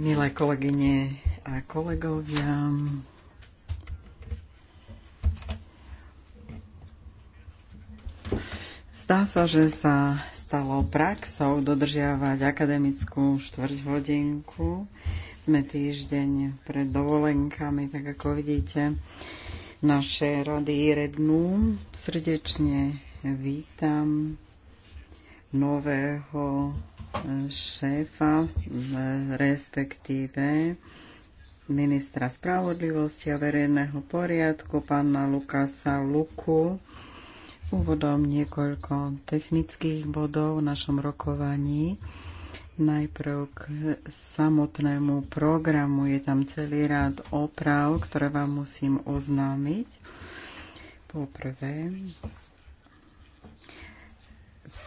Milé kolegyne a kolegovia, Zdá sa, že sa stalo praxou dodržiavať akademickú štvrťhodinku. Sme týždeň pred dovolenkami, tak ako vidíte, naše rady rednú. Srdečne vítam nového šéfa, eh, respektíve ministra spravodlivosti a verejného poriadku, pána Lukasa Luku. Úvodom niekoľko technických bodov v našom rokovaní. Najprv k samotnému programu. Je tam celý rád oprav, ktoré vám musím oznámiť. Poprvé,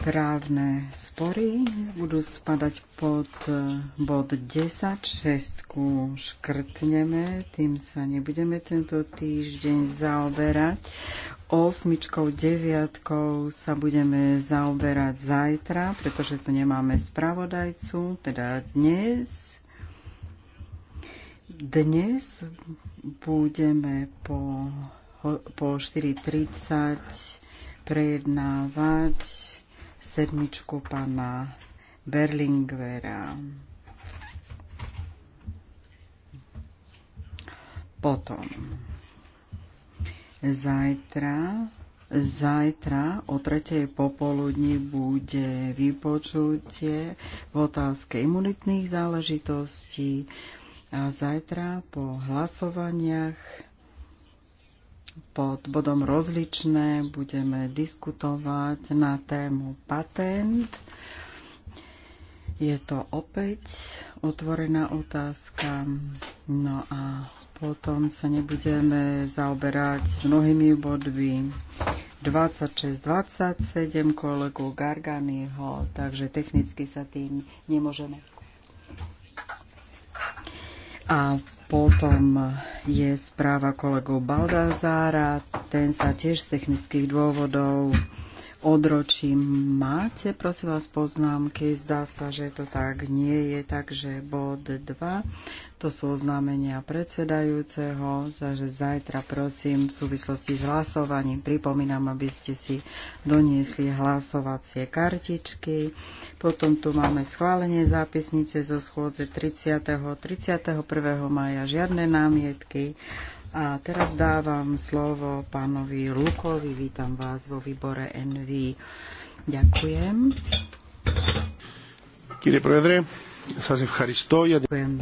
Právne spory budú spadať pod eh, bod 10, šestku škrtneme, tým sa nebudeme tento týždeň zaoberať. Osmičkou, deviatkou sa budeme zaoberať zajtra, pretože tu nemáme spravodajcu, teda dnes. Dnes budeme po, po 4.30 prejednávať sedmičku pána Berlingvera. Potom zajtra Zajtra o tretej popoludni bude vypočutie v otázke imunitných záležitostí a zajtra po hlasovaniach pod bodom rozličné budeme diskutovať na tému patent. Je to opäť otvorená otázka. No a potom sa nebudeme zaoberať mnohými bodmi 26-27 kolegu Garganiho, takže technicky sa tým nemôžeme a potom je správa kolegu Baldazára, ten sa tiež z technických dôvodov odročím. Máte, prosím vás, poznámky? Zdá sa, že to tak nie je, takže bod 2, to sú oznámenia predsedajúceho, takže zajtra, prosím, v súvislosti s hlasovaním, pripomínam, aby ste si doniesli hlasovacie kartičky. Potom tu máme schválenie zápisnice zo schôdze 30. 31. maja, žiadne námietky. A teraz dávam slovo pánovi Lukovi. Vítam vás vo výbore NV. Ďakujem. Kýre prevedre, sa si ďakujem.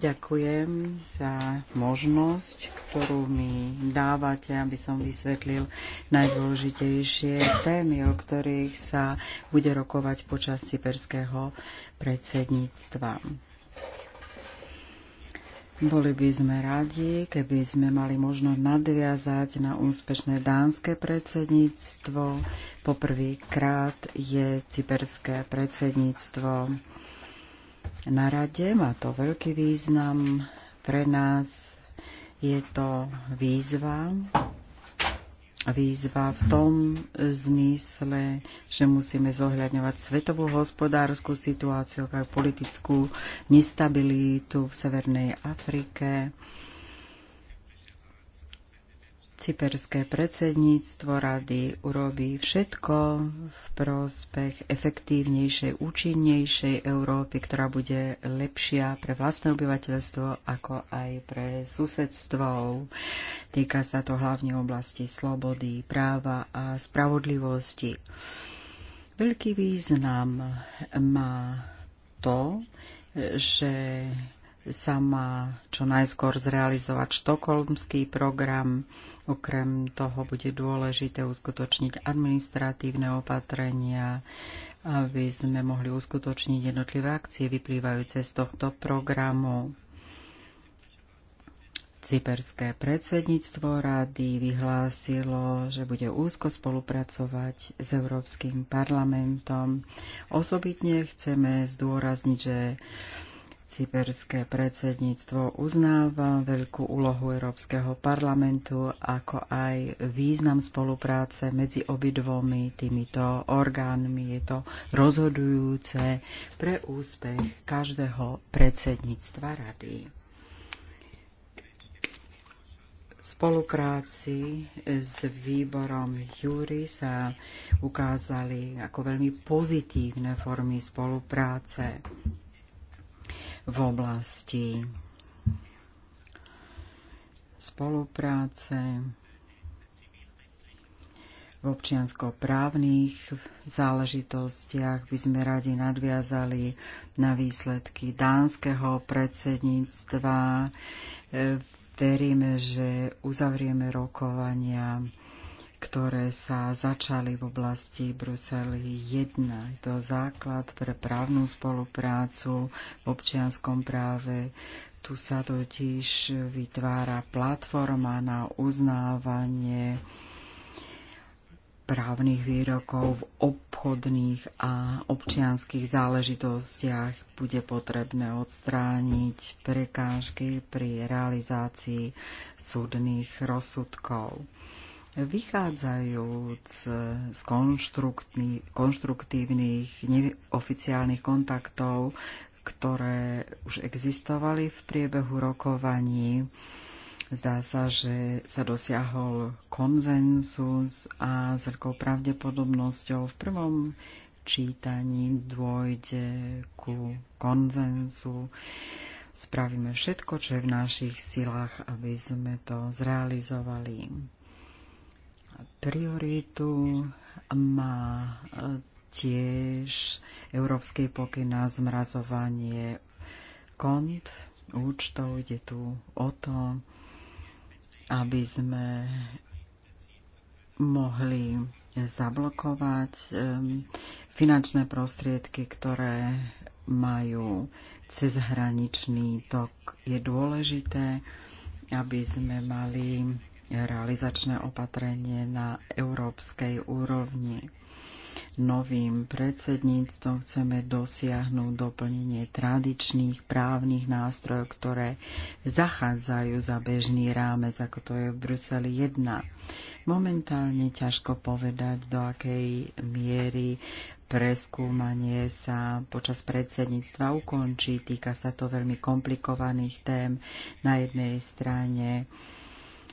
ďakujem za možnosť, ktorú mi dávate, aby som vysvetlil najdôležitejšie témy, o ktorých sa bude rokovať počas cyperského predsedníctva. Boli by sme radi, keby sme mali možnosť nadviazať na úspešné dánske predsedníctvo. Poprvýkrát je cyperské predsedníctvo na rade. Má to veľký význam pre nás. Je to výzva výzva v tom zmysle, že musíme zohľadňovať svetovú hospodárskú situáciu, ako aj politickú nestabilitu v Severnej Afrike cyperské predsedníctvo rady urobí všetko v prospech efektívnejšej, účinnejšej Európy, ktorá bude lepšia pre vlastné obyvateľstvo, ako aj pre susedstvo. Týka sa to hlavne oblasti slobody, práva a spravodlivosti. Veľký význam má to, že sa má čo najskôr zrealizovať štokholmský program. Okrem toho bude dôležité uskutočniť administratívne opatrenia, aby sme mohli uskutočniť jednotlivé akcie vyplývajúce z tohto programu. Cyperské predsedníctvo rady vyhlásilo, že bude úzko spolupracovať s Európskym parlamentom. Osobitne chceme zdôrazniť, že cyperské predsedníctvo uznáva veľkú úlohu Európskeho parlamentu, ako aj význam spolupráce medzi obidvomi týmito orgánmi. Je to rozhodujúce pre úspech každého predsedníctva rady. V spolupráci s výborom Júry sa ukázali ako veľmi pozitívne formy spolupráce v oblasti spolupráce, v občiansko-právnych záležitostiach by sme radi nadviazali na výsledky dánskeho predsedníctva. Veríme, že uzavrieme rokovania ktoré sa začali v oblasti Bruseli 1. Je to základ pre právnu spoluprácu v občianskom práve. Tu sa totiž vytvára platforma na uznávanie právnych výrokov v obchodných a občianských záležitostiach bude potrebné odstrániť prekážky pri realizácii súdnych rozsudkov. Vychádzajúc z konštruktívnych neoficiálnych kontaktov, ktoré už existovali v priebehu rokovaní, zdá sa, že sa dosiahol konzensus a s veľkou pravdepodobnosťou v prvom čítaní dôjde ku konzensu spravíme všetko, čo je v našich silách, aby sme to zrealizovali prioritu má e, tiež Európsky pokyn na zmrazovanie kont, účtov. Ide tu o to, aby sme mohli zablokovať finančné prostriedky, ktoré majú cezhraničný tok. Je dôležité, aby sme mali realizačné opatrenie na európskej úrovni. Novým predsedníctvom chceme dosiahnuť doplnenie tradičných právnych nástrojov, ktoré zachádzajú za bežný rámec, ako to je v Bruseli 1. Momentálne ťažko povedať, do akej miery preskúmanie sa počas predsedníctva ukončí. Týka sa to veľmi komplikovaných tém. Na jednej strane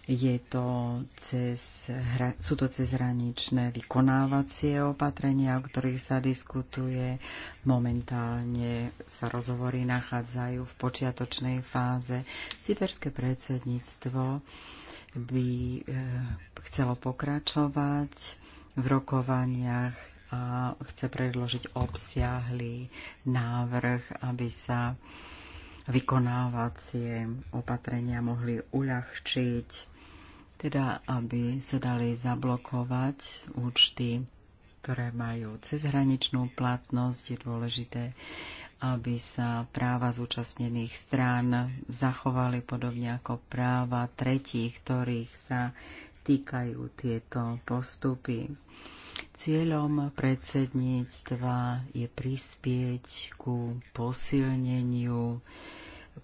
je to cez, sú to cezhraničné vykonávacie opatrenia, o ktorých sa diskutuje. Momentálne sa rozhovory nachádzajú v počiatočnej fáze. Cyperské predsedníctvo by eh, chcelo pokračovať v rokovaniach a chce predložiť obsiahlý návrh, aby sa vykonávacie opatrenia mohli uľahčiť teda aby sa dali zablokovať účty, ktoré majú cezhraničnú platnosť. Je dôležité, aby sa práva zúčastnených strán zachovali podobne ako práva tretích, ktorých sa týkajú tieto postupy. Cieľom predsedníctva je prispieť ku posilneniu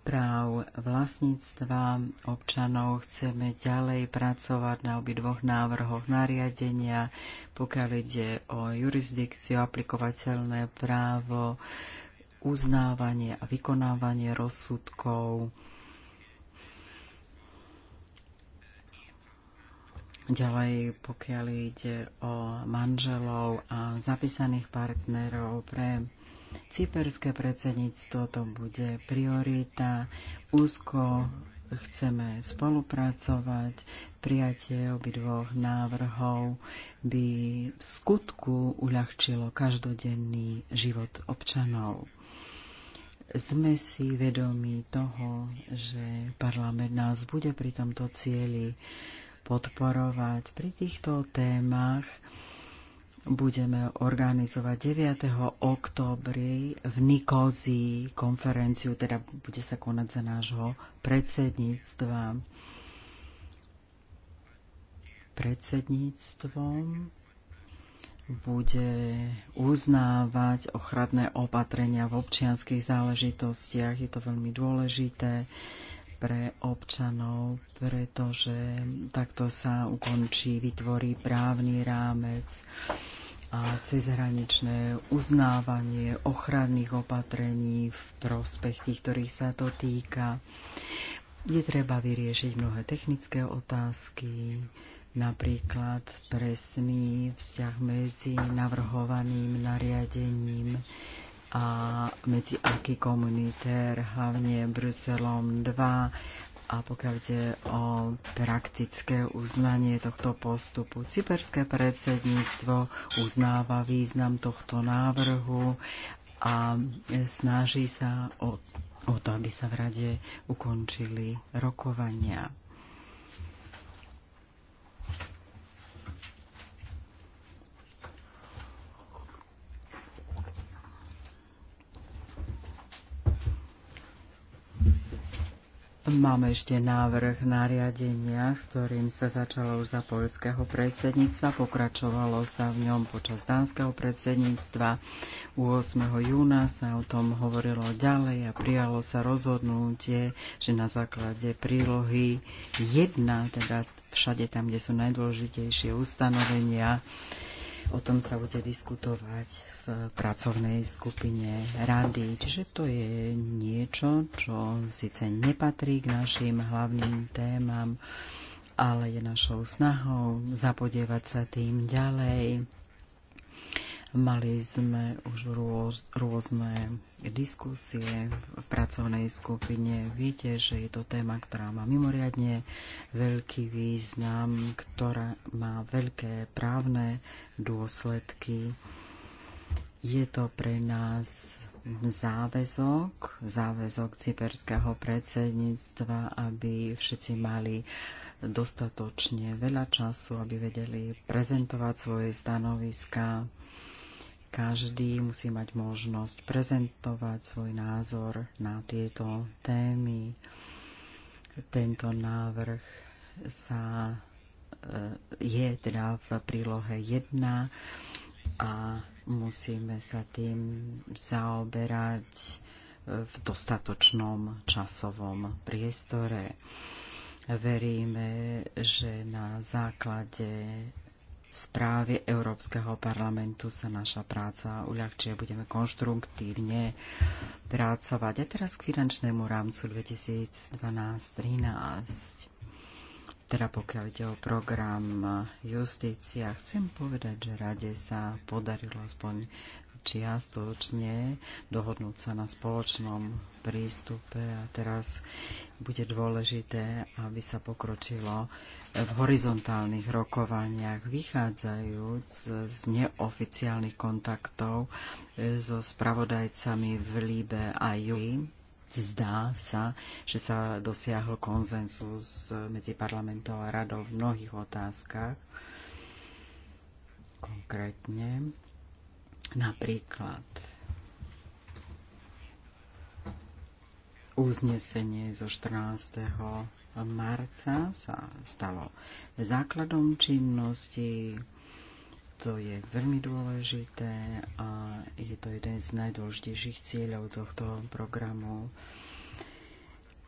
práv vlastníctva občanov. Chceme ďalej pracovať na dvoch návrhoch nariadenia, pokiaľ ide o jurisdikciu, aplikovateľné právo, uznávanie a vykonávanie rozsudkov. Ďalej, pokiaľ ide o manželov a zapísaných partnerov pre Cyperské predsedníctvo to bude priorita. Úzko chceme spolupracovať. Prijatie obidvoch návrhov by v skutku uľahčilo každodenný život občanov. Sme si vedomi toho, že parlament nás bude pri tomto cieli podporovať pri týchto témach, budeme organizovať 9. októbri v Nikozii konferenciu, teda bude sa konať za nášho predsedníctva. Predsedníctvom bude uznávať ochranné opatrenia v občianských záležitostiach. Je to veľmi dôležité pre občanov, pretože takto sa ukončí, vytvorí právny rámec a cezhraničné uznávanie ochranných opatrení v prospech tých, ktorých sa to týka. Je treba vyriešiť mnohé technické otázky, napríklad presný vzťah medzi navrhovaným nariadením a medzi aký komunitér, hlavne Bruselom 2 a pokiaľ ide o praktické uznanie tohto postupu. Cyperské predsedníctvo uznáva význam tohto návrhu a snaží sa o, o to, aby sa v rade ukončili rokovania. Máme ešte návrh nariadenia, s ktorým sa začalo už za polského predsedníctva. Pokračovalo sa v ňom počas dánskeho predsedníctva. U 8. júna sa o tom hovorilo ďalej a prijalo sa rozhodnutie, že na základe prílohy 1, teda všade tam, kde sú najdôležitejšie ustanovenia, O tom sa bude diskutovať v pracovnej skupine rady. Čiže to je niečo, čo síce nepatrí k našim hlavným témam, ale je našou snahou zapodievať sa tým ďalej. Mali sme už rôz, rôzne diskusie v pracovnej skupine. Viete, že je to téma, ktorá má mimoriadne veľký význam, ktorá má veľké právne dôsledky. Je to pre nás záväzok, záväzok cyperského predsedníctva, aby všetci mali dostatočne veľa času, aby vedeli prezentovať svoje stanoviska. Každý musí mať možnosť prezentovať svoj názor na tieto témy. Tento návrh sa E, je teda v prílohe 1 a musíme sa tým zaoberať v dostatočnom časovom priestore. Veríme, že na základe správy Európskeho parlamentu sa naša práca uľahčuje, budeme konštruktívne pracovať. A teraz k finančnému rámcu 2012-2013 teda pokiaľ ide o program justícia, chcem povedať, že rade sa podarilo aspoň čiastočne dohodnúť sa na spoločnom prístupe a teraz bude dôležité, aby sa pokročilo v horizontálnych rokovaniach, vychádzajúc z neoficiálnych kontaktov so spravodajcami v Líbe a Júli zdá sa, že sa dosiahol konsenzus medzi parlamentom a radou v mnohých otázkach. Konkrétne napríklad uznesenie zo 14. marca sa stalo základom činnosti to je veľmi dôležité a je to jeden z najdôležitejších cieľov tohto programu.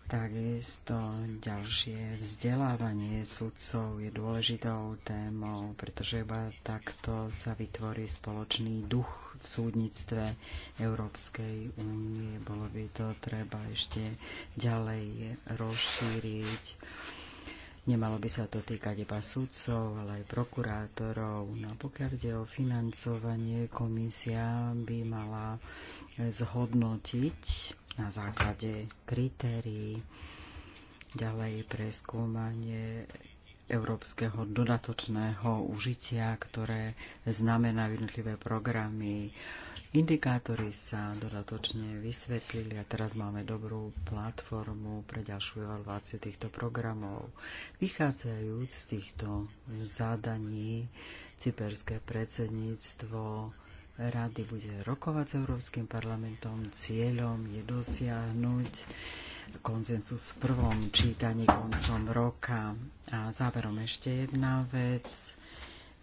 Takisto ďalšie vzdelávanie sudcov je dôležitou témou, pretože iba takto sa vytvorí spoločný duch v súdnictve Európskej únie. Bolo by to treba ešte ďalej rozšíriť Nemalo by sa to týkať iba sudcov, ale aj prokurátorov. No pokiaľ ide o financovanie, komisia by mala zhodnotiť na základe kritérií ďalej preskúmanie európskeho dodatočného užitia, ktoré znamená jednotlivé programy. Indikátory sa dodatočne vysvetlili a teraz máme dobrú platformu pre ďalšiu evaluáciu týchto programov. Vychádzajúc z týchto zádaní, cyperské predsedníctvo rady bude rokovať s Európskym parlamentom. Cieľom je dosiahnuť konzensus v prvom čítaní koncom roka. A záverom ešte jedna vec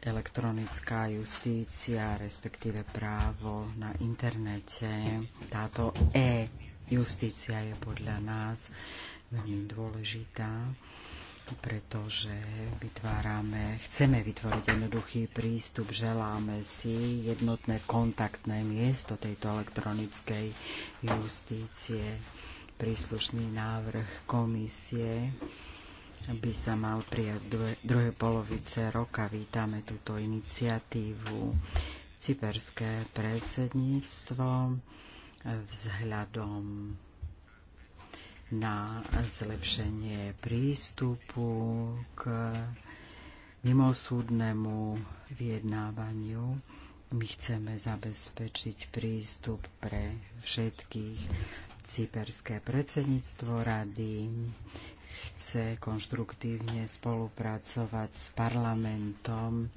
elektronická justícia, respektíve právo na internete. Táto e-justícia je podľa nás veľmi dôležitá, pretože vytvárame, chceme vytvoriť jednoduchý prístup, želáme si jednotné kontaktné miesto tejto elektronickej justície príslušný návrh komisie by sa mal prijať v druhej polovice roka. Vítame túto iniciatívu cyperské predsedníctvo vzhľadom na zlepšenie prístupu k mimosúdnemu vyjednávaniu. My chceme zabezpečiť prístup pre všetkých cyperské predsedníctvo rady chce konštruktívne spolupracovať s parlamentom,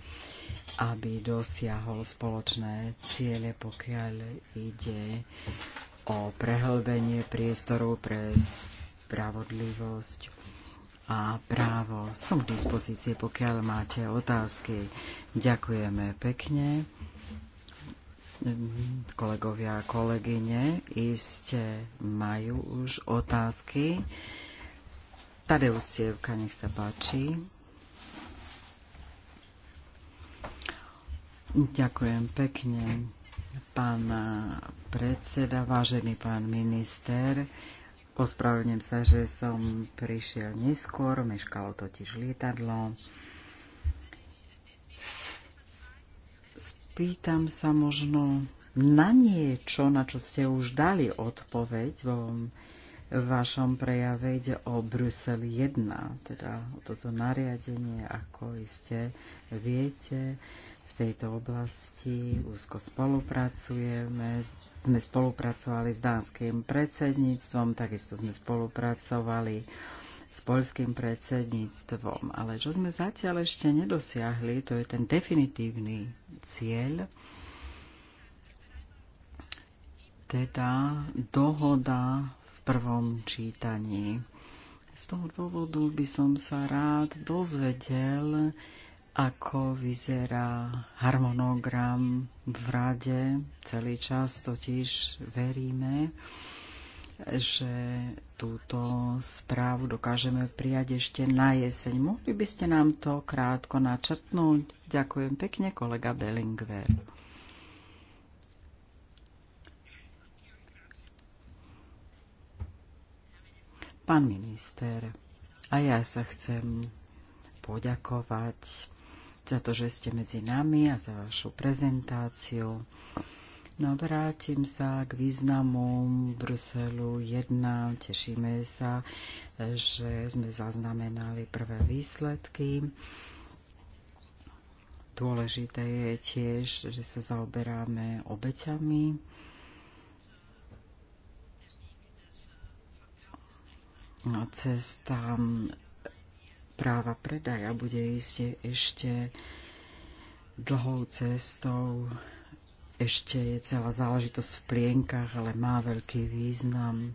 aby dosiahol spoločné ciele, pokiaľ ide o prehlbenie priestoru pre spravodlivosť a právo. Som k dispozícii, pokiaľ máte otázky. Ďakujeme pekne kolegovia a kolegyne, iste majú už otázky. Tadeusz Sievka, nech sa páči. Ďakujem pekne, pán predseda, vážený pán minister. Ospravedlňujem sa, že som prišiel neskôr, meškalo totiž lietadlo. Pýtam sa možno na niečo, na čo ste už dali odpoveď vo vašom prejave ide o Brusel 1, teda o toto nariadenie, ako iste viete, v tejto oblasti úzko spolupracujeme. Sme spolupracovali s dánskym predsedníctvom, takisto sme spolupracovali s poľským predsedníctvom. Ale čo sme zatiaľ ešte nedosiahli, to je ten definitívny cieľ, teda dohoda v prvom čítaní. Z toho dôvodu by som sa rád dozvedel, ako vyzerá harmonogram v rade. Celý čas totiž veríme, že túto správu dokážeme prijať ešte na jeseň. Mohli by ste nám to krátko načrtnúť? Ďakujem pekne, kolega Bellingwer. Pán minister, a ja sa chcem poďakovať za to, že ste medzi nami a za vašu prezentáciu. No vrátim sa k významu Bruselu 1. Tešíme sa, že sme zaznamenali prvé výsledky. Dôležité je tiež, že sa zaoberáme obeťami. No, cesta práva predaja bude ísť ešte dlhou cestou ešte je celá záležitosť v plienkach, ale má veľký význam.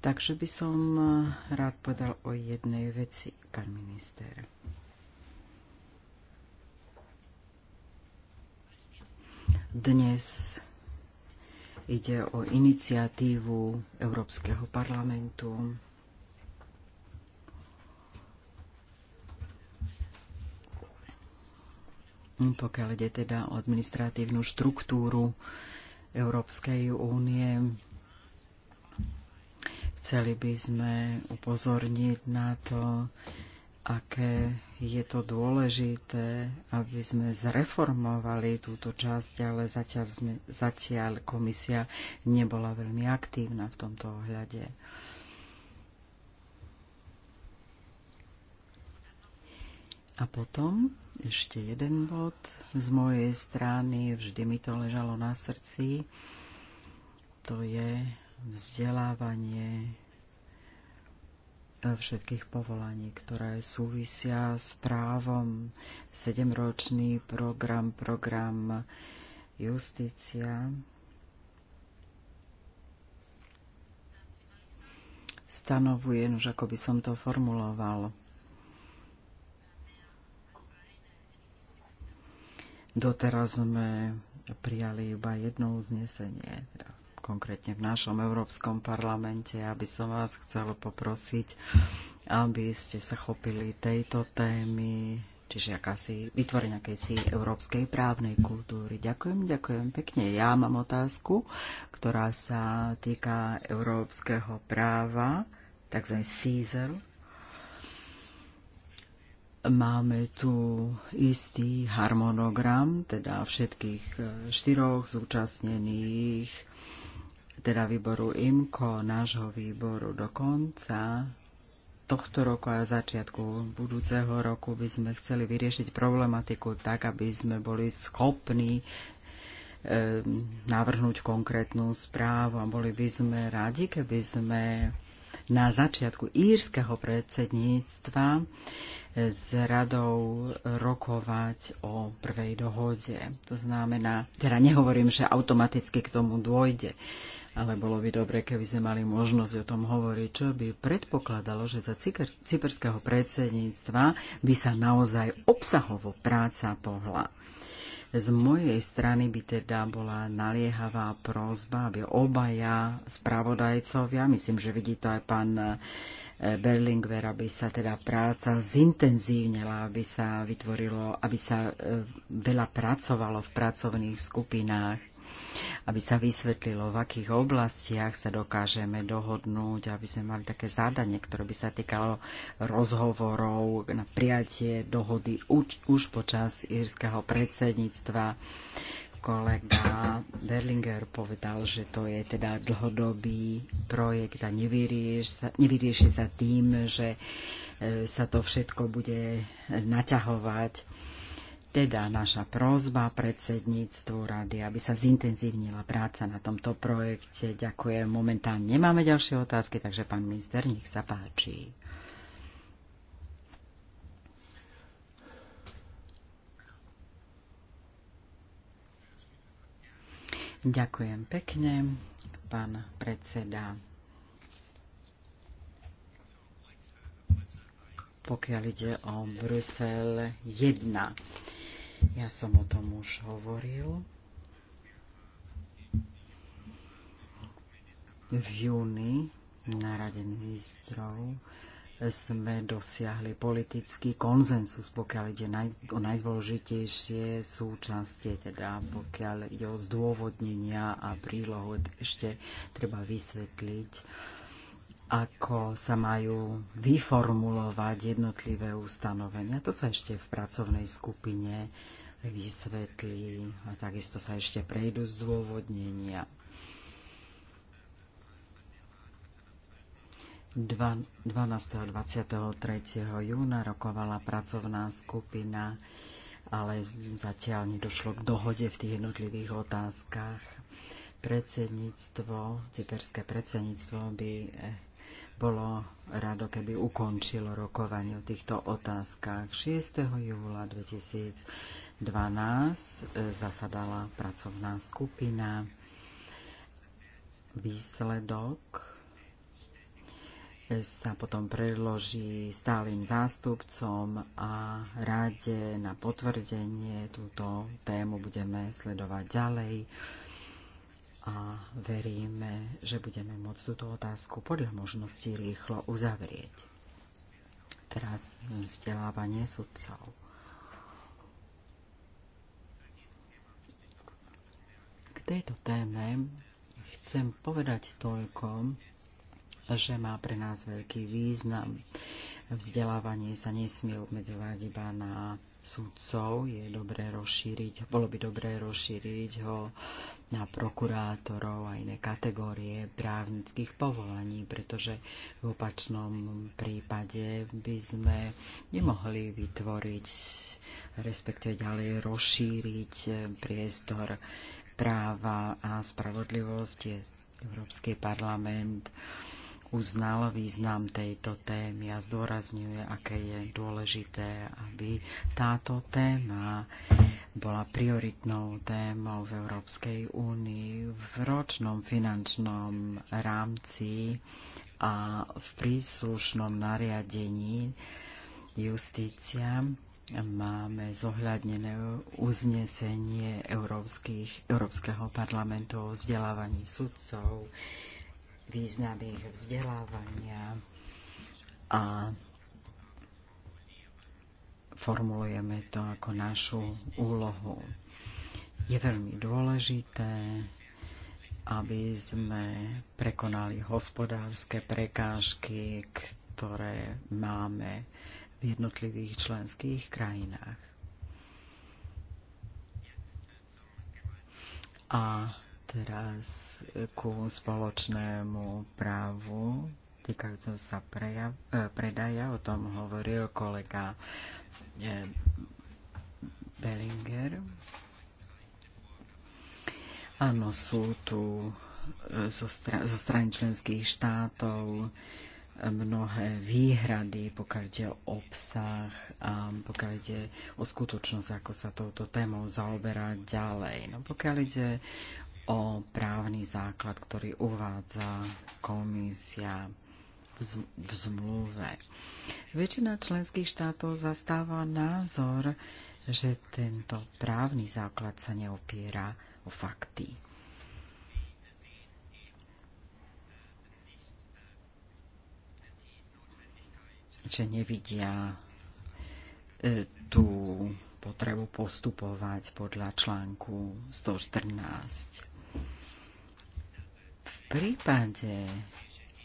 Takže by som eh, rád povedal o jednej veci, pán minister. Dnes ide o iniciatívu Európskeho parlamentu Hm, pokiaľ ide teda o administratívnu štruktúru Európskej únie. Chceli by sme upozorniť na to, aké je to dôležité, aby sme zreformovali túto časť, ale zatiaľ, sme, zatiaľ komisia nebola veľmi aktívna v tomto ohľade. A potom ešte jeden bod. Z mojej strany vždy mi to ležalo na srdci. To je vzdelávanie všetkých povolaní, ktoré súvisia s právom. Sedemročný program, program Justícia. Stanovuje, no už ako by som to formuloval, Doteraz sme prijali iba jedno uznesenie, teda konkrétne v našom Európskom parlamente. Aby som vás chcel poprosiť, aby ste sa chopili tejto témy, čiže akási, vytvorenie akejsi európskej právnej kultúry. Ďakujem, ďakujem pekne. Ja mám otázku, ktorá sa týka európskeho práva, takzvaný CISEL, Máme tu istý harmonogram, teda všetkých e, štyroch zúčastnených, teda výboru IMKO, nášho výboru do konca tohto roku a začiatku budúceho roku by sme chceli vyriešiť problematiku tak, aby sme boli schopní e, navrhnúť konkrétnu správu a boli by sme radi, keby sme na začiatku írskeho predsedníctva s radou rokovať o prvej dohode. To znamená, teda nehovorím, že automaticky k tomu dôjde, ale bolo by dobre, keby sme mali možnosť o tom hovoriť, čo by predpokladalo, že za cyperského predsedníctva by sa naozaj obsahovo práca pohla. Z mojej strany by teda bola naliehavá prozba, aby obaja spravodajcovia, myslím, že vidí to aj pán Berlingvera, aby sa teda práca zintenzívnila, aby sa vytvorilo, aby sa e, veľa pracovalo v pracovných skupinách, aby sa vysvetlilo, v akých oblastiach sa dokážeme dohodnúť, aby sme mali také zadanie, ktoré by sa týkalo rozhovorov na prijatie dohody už, už počas írskeho predsedníctva kolega Berlinger povedal, že to je teda dlhodobý projekt a nevyrieši sa, sa tým, že e, sa to všetko bude naťahovať. Teda naša prozba predsedníctvu rady, aby sa zintenzívnila práca na tomto projekte. Ďakujem. Momentálne nemáme ďalšie otázky, takže pán minister, nech sa páči. Ďakujem pekne, pán predseda. Pokiaľ ide o Brusel 1, ja som o tom už hovoril. V júni na Rade ministrov sme dosiahli politický konzensus, pokiaľ ide naj, o najdôležitejšie súčasti, teda pokiaľ ide o zdôvodnenia a prílohu, ešte treba vysvetliť, ako sa majú vyformulovať jednotlivé ustanovenia. To sa ešte v pracovnej skupine vysvetlí a takisto sa ešte prejdú zdôvodnenia. 12. a 23. júna rokovala pracovná skupina, ale zatiaľ nedošlo k dohode v tých jednotlivých otázkach. Predsedníctvo, cyperské predsedníctvo by eh, bolo rado, keby ukončilo rokovanie o týchto otázkach. 6. júla 2012 eh, zasadala pracovná skupina. Výsledok sa potom predloží stálym zástupcom a rade na potvrdenie. Túto tému budeme sledovať ďalej a veríme, že budeme môcť túto otázku podľa možností rýchlo uzavrieť. Teraz vzdelávanie sudcov. K tejto téme chcem povedať toľko, že má pre nás veľký význam. Vzdelávanie sa nesmie obmedzovať iba na sudcov, je dobré rozšíriť, bolo by dobré rozšíriť ho na prokurátorov a iné kategórie právnických povolaní, pretože v opačnom prípade by sme nemohli vytvoriť, respektíve ďalej rozšíriť priestor práva a spravodlivosti Európsky parlament uznal význam tejto témy a zdôrazňuje, aké je dôležité, aby táto téma bola prioritnou témou v Európskej únii v ročnom finančnom rámci a v príslušnom nariadení justícia máme zohľadnené uznesenie Európskeho parlamentu o vzdelávaní sudcov, význam ich vzdelávania a formulujeme to ako našu úlohu. Je veľmi dôležité, aby sme prekonali hospodárske prekážky, ktoré máme v jednotlivých členských krajinách. A Teraz e, ku spoločnému právu týkajúcom sa prejav, e, predaja, o tom hovoril kolega e, Bellinger. Áno, sú tu zo, str- zo strany členských štátov mnohé výhrady, pokiaľ ide o obsah a pokiaľ ide o skutočnosť, ako sa touto témou zaoberá ďalej. No pokiaľ ide o právny základ, ktorý uvádza komisia v zmluve. Väčšina členských štátov zastáva názor, že tento právny základ sa neopiera o fakty. Že nevidia e, tú potrebu postupovať podľa článku 114. V prípade,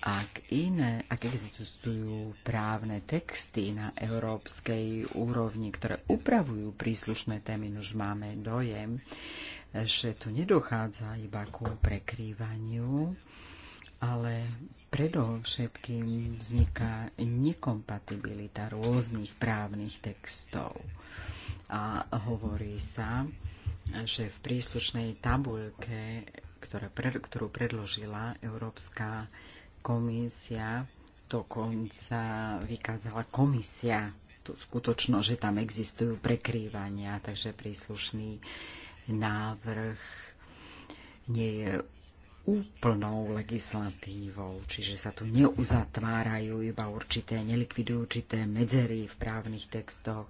ak iné, ak existujú právne texty na európskej úrovni, ktoré upravujú príslušné témy, no už máme dojem, že tu nedochádza iba ku prekrývaniu, ale predovšetkým vzniká nekompatibilita rôznych právnych textov. A hovorí sa, že v príslušnej tabuľke ktoré, ktorú predložila Európska komisia, dokonca vykázala komisia tú skutočnosť, že tam existujú prekrývania, takže príslušný návrh nie je úplnou legislatívou, čiže sa tu neuzatvárajú iba určité, nelikvidujú určité medzery v právnych textoch,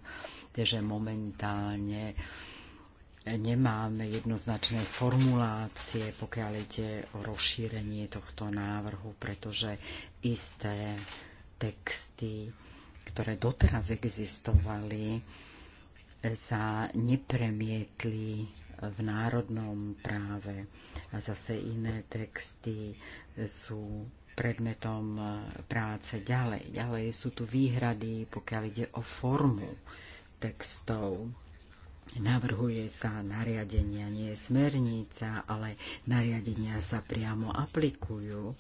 takže momentálne uh, nemáme jednoznačné formulácie, pokiaľ ide o rozšírenie tohto návrhu, pretože isté texty, ktoré doteraz existovali, sa nepremietli v národnom práve. A zase iné texty sú predmetom e, práce ďalej. Ďalej sú tu výhrady, pokiaľ ide o formu textov Navrhuje sa nariadenia, nie smernica, ale nariadenia sa priamo aplikujú.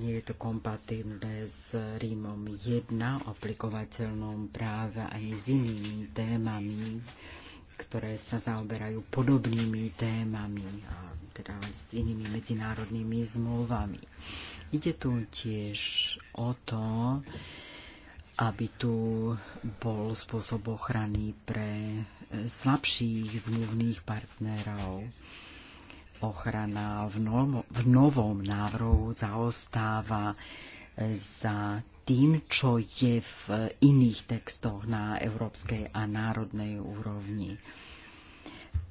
Nie je to kompatibilné s Rímom 1, aplikovateľnom práve aj s inými témami, ktoré sa zaoberajú podobnými témami a teda s inými medzinárodnými zmluvami. Ide tu tiež o to, aby tu bol spôsob ochrany pre e, slabších zmluvných partnerov. Ochrana v, novom, v novom návrhu zaostáva e, za tým, čo je v iných textoch na európskej a národnej úrovni.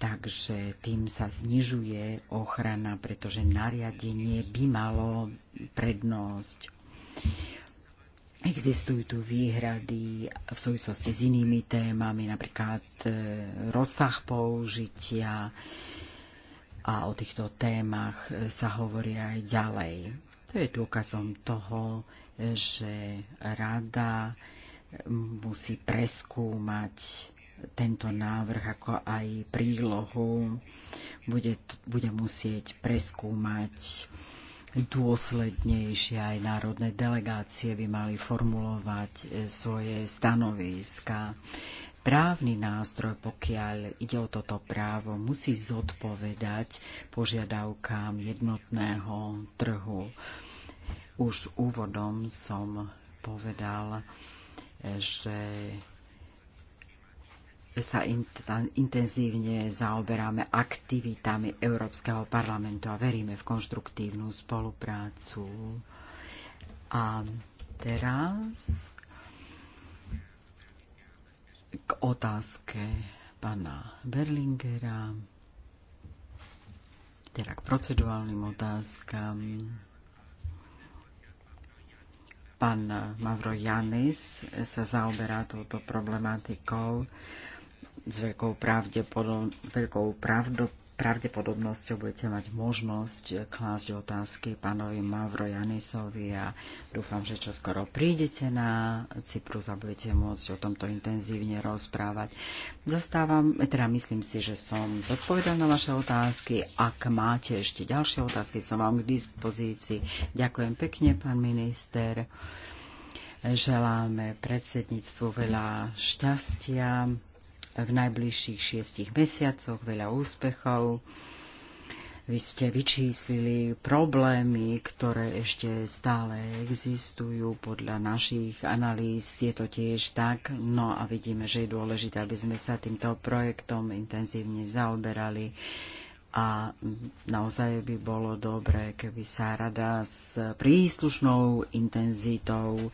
Takže tým sa znižuje ochrana, pretože nariadenie by malo prednosť. Existujú tu výhrady v súvislosti s inými témami, napríklad e, rozsah použitia a o týchto témach e, sa hovorí aj ďalej. To je dôkazom toho, e, že rada musí preskúmať tento návrh, ako aj prílohu, bude, bude musieť preskúmať dôslednejšie aj národné delegácie by mali formulovať e, svoje stanoviska. Právny nástroj, pokiaľ ide o toto právo, musí zodpovedať požiadavkám jednotného trhu. Už úvodom som povedal, e, že sa intenzívne zaoberáme aktivitami Európskeho parlamentu a veríme v konštruktívnu spoluprácu. A teraz k otázke pána Berlingera, teda k procedurálnym otázkam. Pán Mavro Janis sa zaoberá touto problematikou s veľkou, veľkou pravdo, pravdepodobnosťou budete mať možnosť eh, klásť otázky pánovi Mavro Janisovi a dúfam, že čo skoro prídete na Cyprus a budete môcť o tomto intenzívne rozprávať. Zastávam, eh, teda myslím si, že som zodpovedal na vaše otázky. Ak máte ešte ďalšie otázky, som vám k dispozícii. Ďakujem pekne, pán minister. Želáme predsedníctvu veľa šťastia v najbližších šiestich mesiacoch. Veľa úspechov. Vy ste vyčíslili problémy, ktoré ešte stále existujú. Podľa našich analýz je to tiež tak. No a vidíme, že je dôležité, aby sme sa týmto projektom intenzívne zaoberali. A naozaj by bolo dobré, keby sa rada s príslušnou intenzitou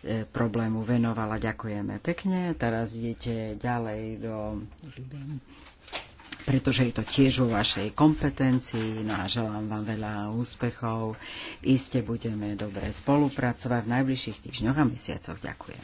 E, problému venovala. Ďakujeme pekne. Teraz idete ďalej do pretože je to tiež vo vašej kompetencii. No a želám vám veľa úspechov. Iste budeme dobre spolupracovať v najbližších týždňoch a mesiacoch. Ďakujem.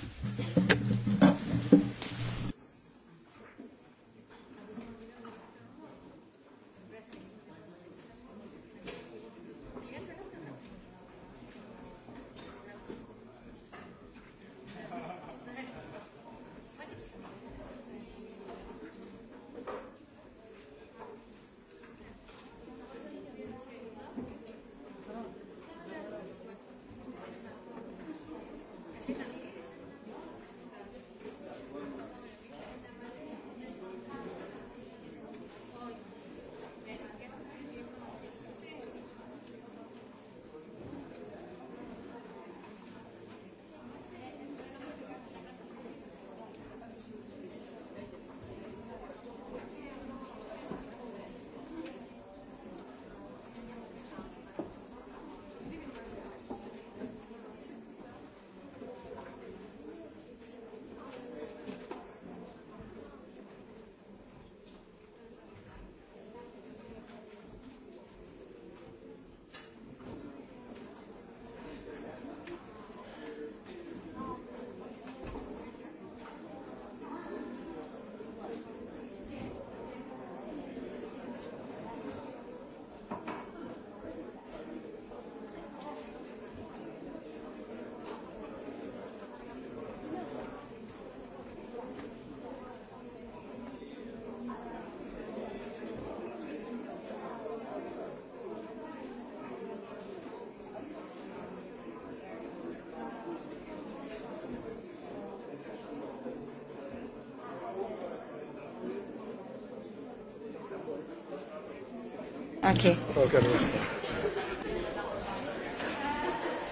Okay.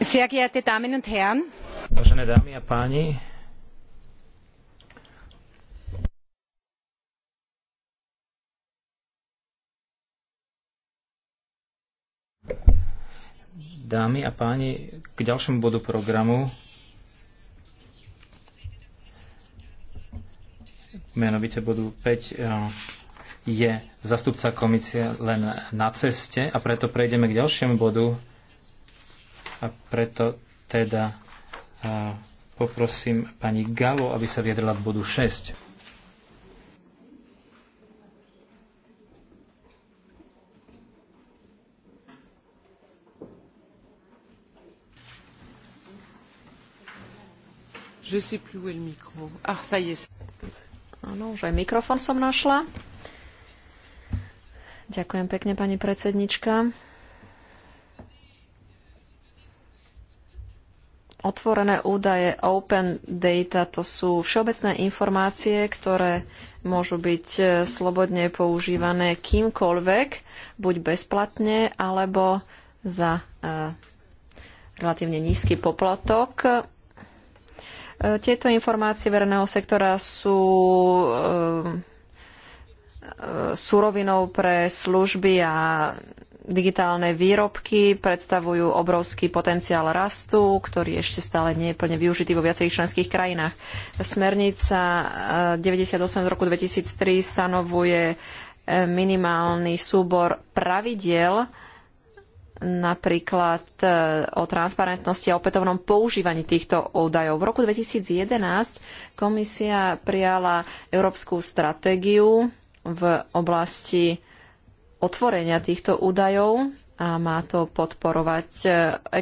Sehr geehrte Damen und Herren. Vážené dámy a páni, Dámy a páni, k ďalšiemu bodu programu menovite bodu 5 je zastupca komisie len na ceste a preto prejdeme k ďalšiemu bodu a preto teda poprosím pani Galo, aby sa viedrila k bodu 6. Je sais plus où est le micro. Ah, ça y est. Áno, už aj som našla. Ďakujem pekne, pani predsednička. Otvorené údaje, open data, to sú všeobecné informácie, ktoré môžu byť e, slobodne používané kýmkoľvek, buď bezplatne, alebo za e, relatívne nízky poplatok. E, tieto informácie verejného sektora sú e, surovinou pre služby a digitálne výrobky predstavujú obrovský potenciál rastu, ktorý ešte stále nie je plne využitý vo viacerých členských krajinách. Smernica 98 eh, z roku 2003 stanovuje eh, minimálny súbor pravidiel, napríklad eh, o transparentnosti a opätovnom používaní týchto údajov. V roku 2011 komisia prijala európsku stratégiu v oblasti otvorenia týchto údajov a má to podporovať e,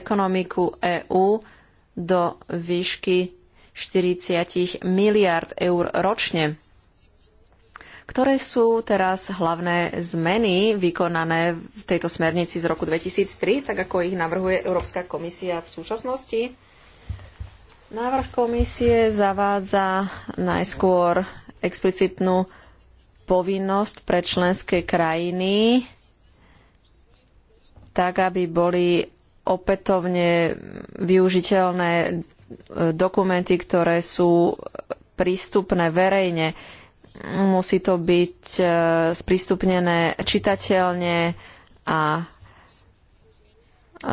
ekonomiku EÚ do výšky 40 miliard eur ročne. Ktoré sú teraz hlavné zmeny vykonané v tejto smernici z roku 2003, tak ako ich navrhuje Európska komisia v súčasnosti? Návrh komisie zavádza najskôr explicitnú povinnosť pre členské krajiny, tak aby boli opätovne využiteľné e, dokumenty, ktoré sú prístupné verejne. Musí to byť e, sprístupnené čitateľne a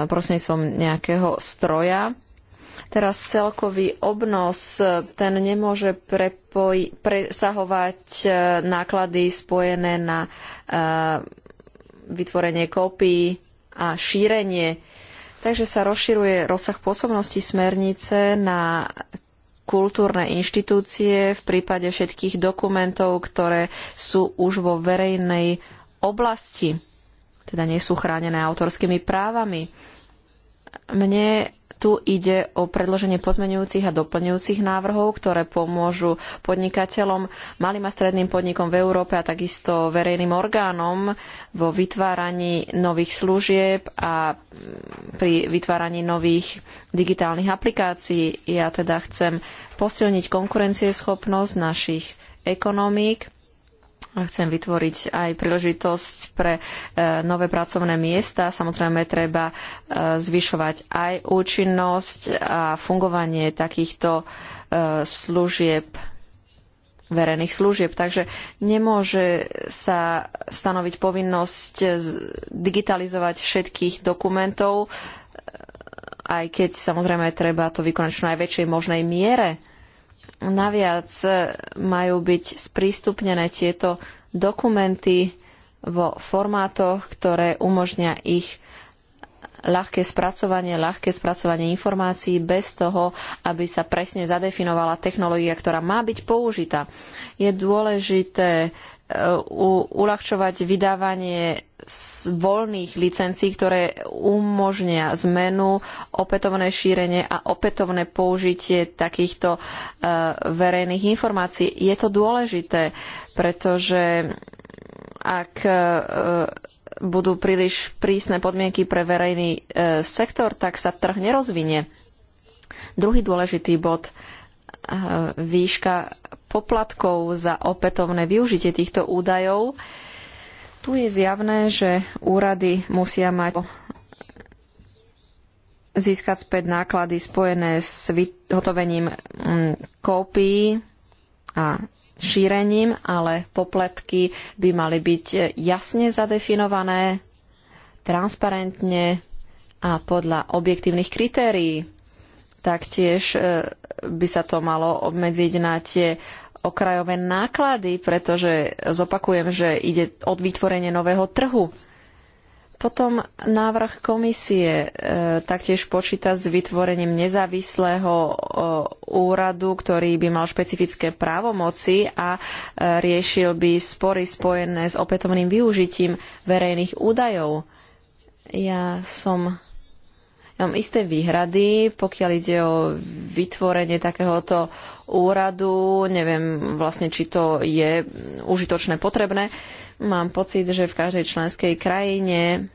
prosím som nejakého stroja Teraz celkový obnos ten nemôže prepoj, presahovať e, náklady spojené na e, vytvorenie kópií a šírenie. Takže sa rozširuje rozsah pôsobnosti smernice na kultúrne inštitúcie v prípade všetkých dokumentov, ktoré sú už vo verejnej oblasti, teda nie sú chránené autorskými právami. Mne tu ide o predloženie pozmenujúcich a doplňujúcich návrhov, ktoré pomôžu podnikateľom, malým a stredným podnikom v Európe a takisto verejným orgánom vo vytváraní nových služieb a pri vytváraní nových digitálnych aplikácií. Ja teda chcem posilniť konkurencieschopnosť našich ekonomík chcem vytvoriť aj príležitosť pre e, nové pracovné miesta. Samozrejme, treba e, zvyšovať aj účinnosť a fungovanie takýchto e, služieb verejných služieb. Takže nemôže sa stanoviť povinnosť digitalizovať všetkých dokumentov, aj keď samozrejme treba to vykonať v najväčšej možnej miere Naviac e, majú byť sprístupnené tieto dokumenty vo formátoch, ktoré umožnia ich ľahké spracovanie, ľahké spracovanie informácií bez toho, aby sa presne zadefinovala technológia, ktorá má byť použitá. Je dôležité uľahčovať vydávanie voľných licencií, ktoré umožnia zmenu, opätovné šírenie a opätovné použitie takýchto e, verejných informácií. Je to dôležité, pretože ak e, budú príliš prísne podmienky pre verejný e, sektor, tak sa trh nerozvinie. Druhý dôležitý bod výška poplatkov za opätovné využitie týchto údajov. Tu je zjavné, že úrady musia mať získať späť náklady spojené s vyhotovením mm, kópií a šírením, ale poplatky by mali byť jasne zadefinované, transparentne a podľa objektívnych kritérií. Taktiež e, by sa to malo obmedziť na tie okrajové náklady, pretože zopakujem, že ide od vytvorenie nového trhu. Potom návrh komisie e, taktiež počíta s vytvorením nezávislého e, úradu, ktorý by mal špecifické právomoci a e, riešil by spory spojené s opätovným využitím verejných údajov. Ja som ja mám isté výhrady, pokiaľ ide o vytvorenie takéhoto úradu. Neviem vlastne, či to je užitočné, potrebné. Mám pocit, že v každej členskej krajine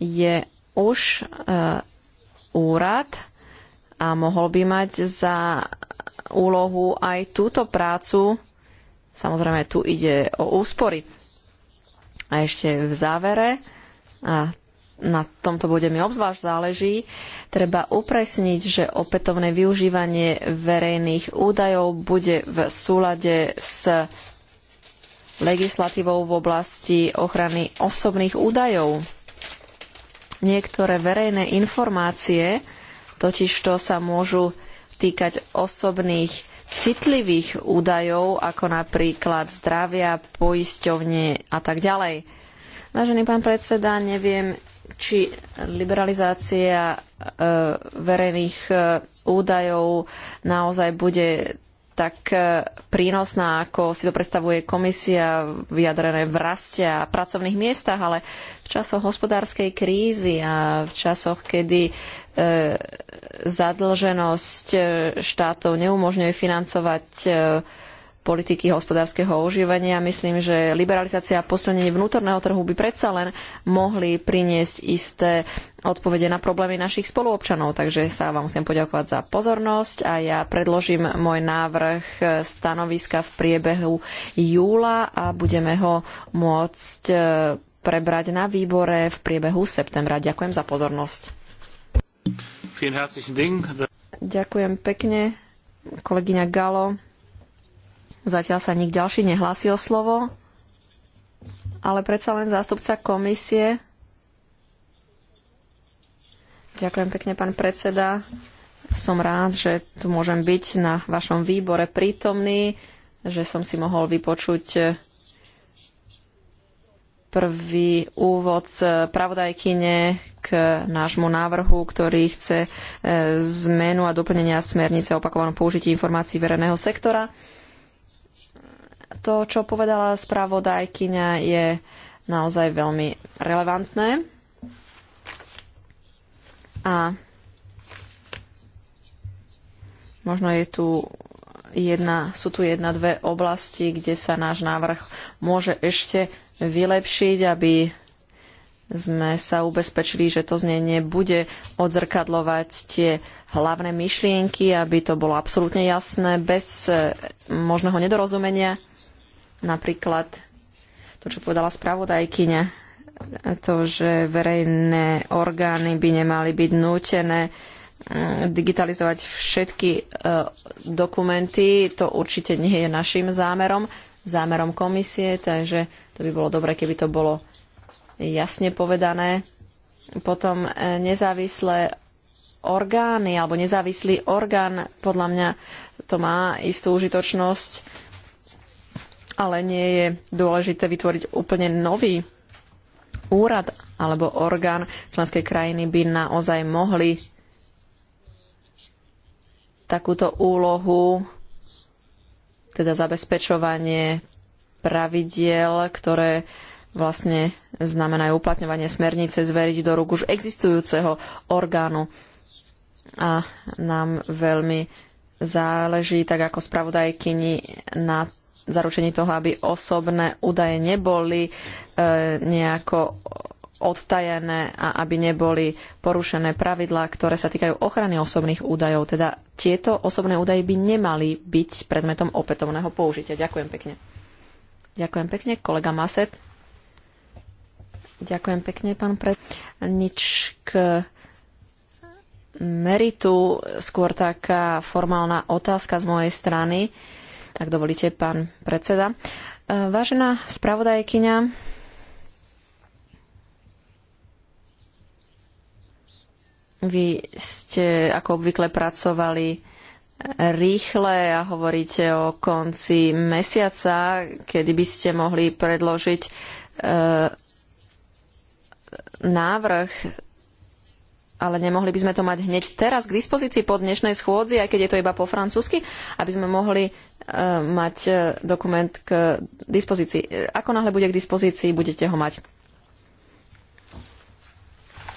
je už e, úrad a mohol by mať za úlohu aj túto prácu. Samozrejme, tu ide o úspory. A ešte v závere, a na tomto bode mi obzvlášť záleží, treba upresniť, že opätovné využívanie verejných údajov bude v súlade s legislatívou v oblasti ochrany osobných údajov. Niektoré verejné informácie totižto sa môžu týkať osobných citlivých údajov, ako napríklad zdravia, poisťovne a tak ďalej. Vážený pán predseda, neviem, či liberalizácia e, verejných e, údajov naozaj bude tak e, prínosná, ako si to predstavuje komisia vyjadrené v raste a pracovných miestach, ale v časoch hospodárskej krízy a v časoch, kedy zadlženosť štátov neumožňuje financovať politiky hospodárskeho oživenia. Myslím, že liberalizácia a posilnenie vnútorného trhu by predsa len mohli priniesť isté odpovede na problémy našich spoluobčanov. Takže sa vám chcem poďakovať za pozornosť a ja predložím môj návrh stanoviska v priebehu júla a budeme ho môcť e, prebrať na výbore v priebehu septembra. Ďakujem za pozornosť. Ďakujem pekne, kolegyňa Galo. Zatiaľ sa nik ďalší nehlási o slovo, ale predsa len zástupca komisie. Ďakujem pekne, pán predseda. Som rád, že tu môžem byť na vašom výbore prítomný, že som si mohol vypočuť prvý úvod pravodajkyne k nášmu návrhu, ktorý chce e, zmenu a doplnenia smernice o opakovanom použití informácií verejného sektora. To, čo povedala spravodajkyňa, je naozaj veľmi relevantné. A možno je tu jedna, sú tu jedna, dve oblasti, kde sa náš návrh môže ešte vylepšiť, aby sme sa ubezpečili, že to znenie bude odzrkadlovať tie hlavné myšlienky, aby to bolo absolútne jasné, bez možného nedorozumenia. Napríklad to, čo povedala spravodajkyňa, to, že verejné orgány by nemali byť nútené mm, digitalizovať všetky e, dokumenty, to určite nie je našim zámerom, zámerom komisie, takže to by bolo dobre, keby to bolo jasne povedané. Potom e, nezávislé orgány alebo nezávislý orgán, podľa mňa to má istú užitočnosť ale nie je dôležité vytvoriť úplne nový úrad alebo orgán členskej krajiny by naozaj mohli takúto úlohu, teda zabezpečovanie pravidiel, ktoré vlastne znamenajú uplatňovanie smernice zveriť do rúk už existujúceho orgánu. A nám veľmi záleží, tak ako spravodajkyni, na zaručení toho, aby osobné údaje neboli e, nejako odtajené a aby neboli porušené pravidlá, ktoré sa týkajú ochrany osobných údajov. Teda tieto osobné údaje by nemali byť predmetom opätovného použitia. Ďakujem pekne. Ďakujem pekne, kolega Maset. Ďakujem pekne, pán pred. Nič k meritu, skôr taká formálna otázka z mojej strany ak dovolíte, pán predseda. E, vážená spravodajkyňa, vy ste ako obvykle pracovali rýchle a hovoríte o konci mesiaca, kedy by ste mohli predložiť e, návrh ale nemohli by sme to mať hneď teraz k dispozícii po dnešnej schôdzi, aj keď je to iba po francúzsky, aby sme mohli E, mať e, dokument k dispozícii. Ako náhle bude k dispozícii, budete ho mať.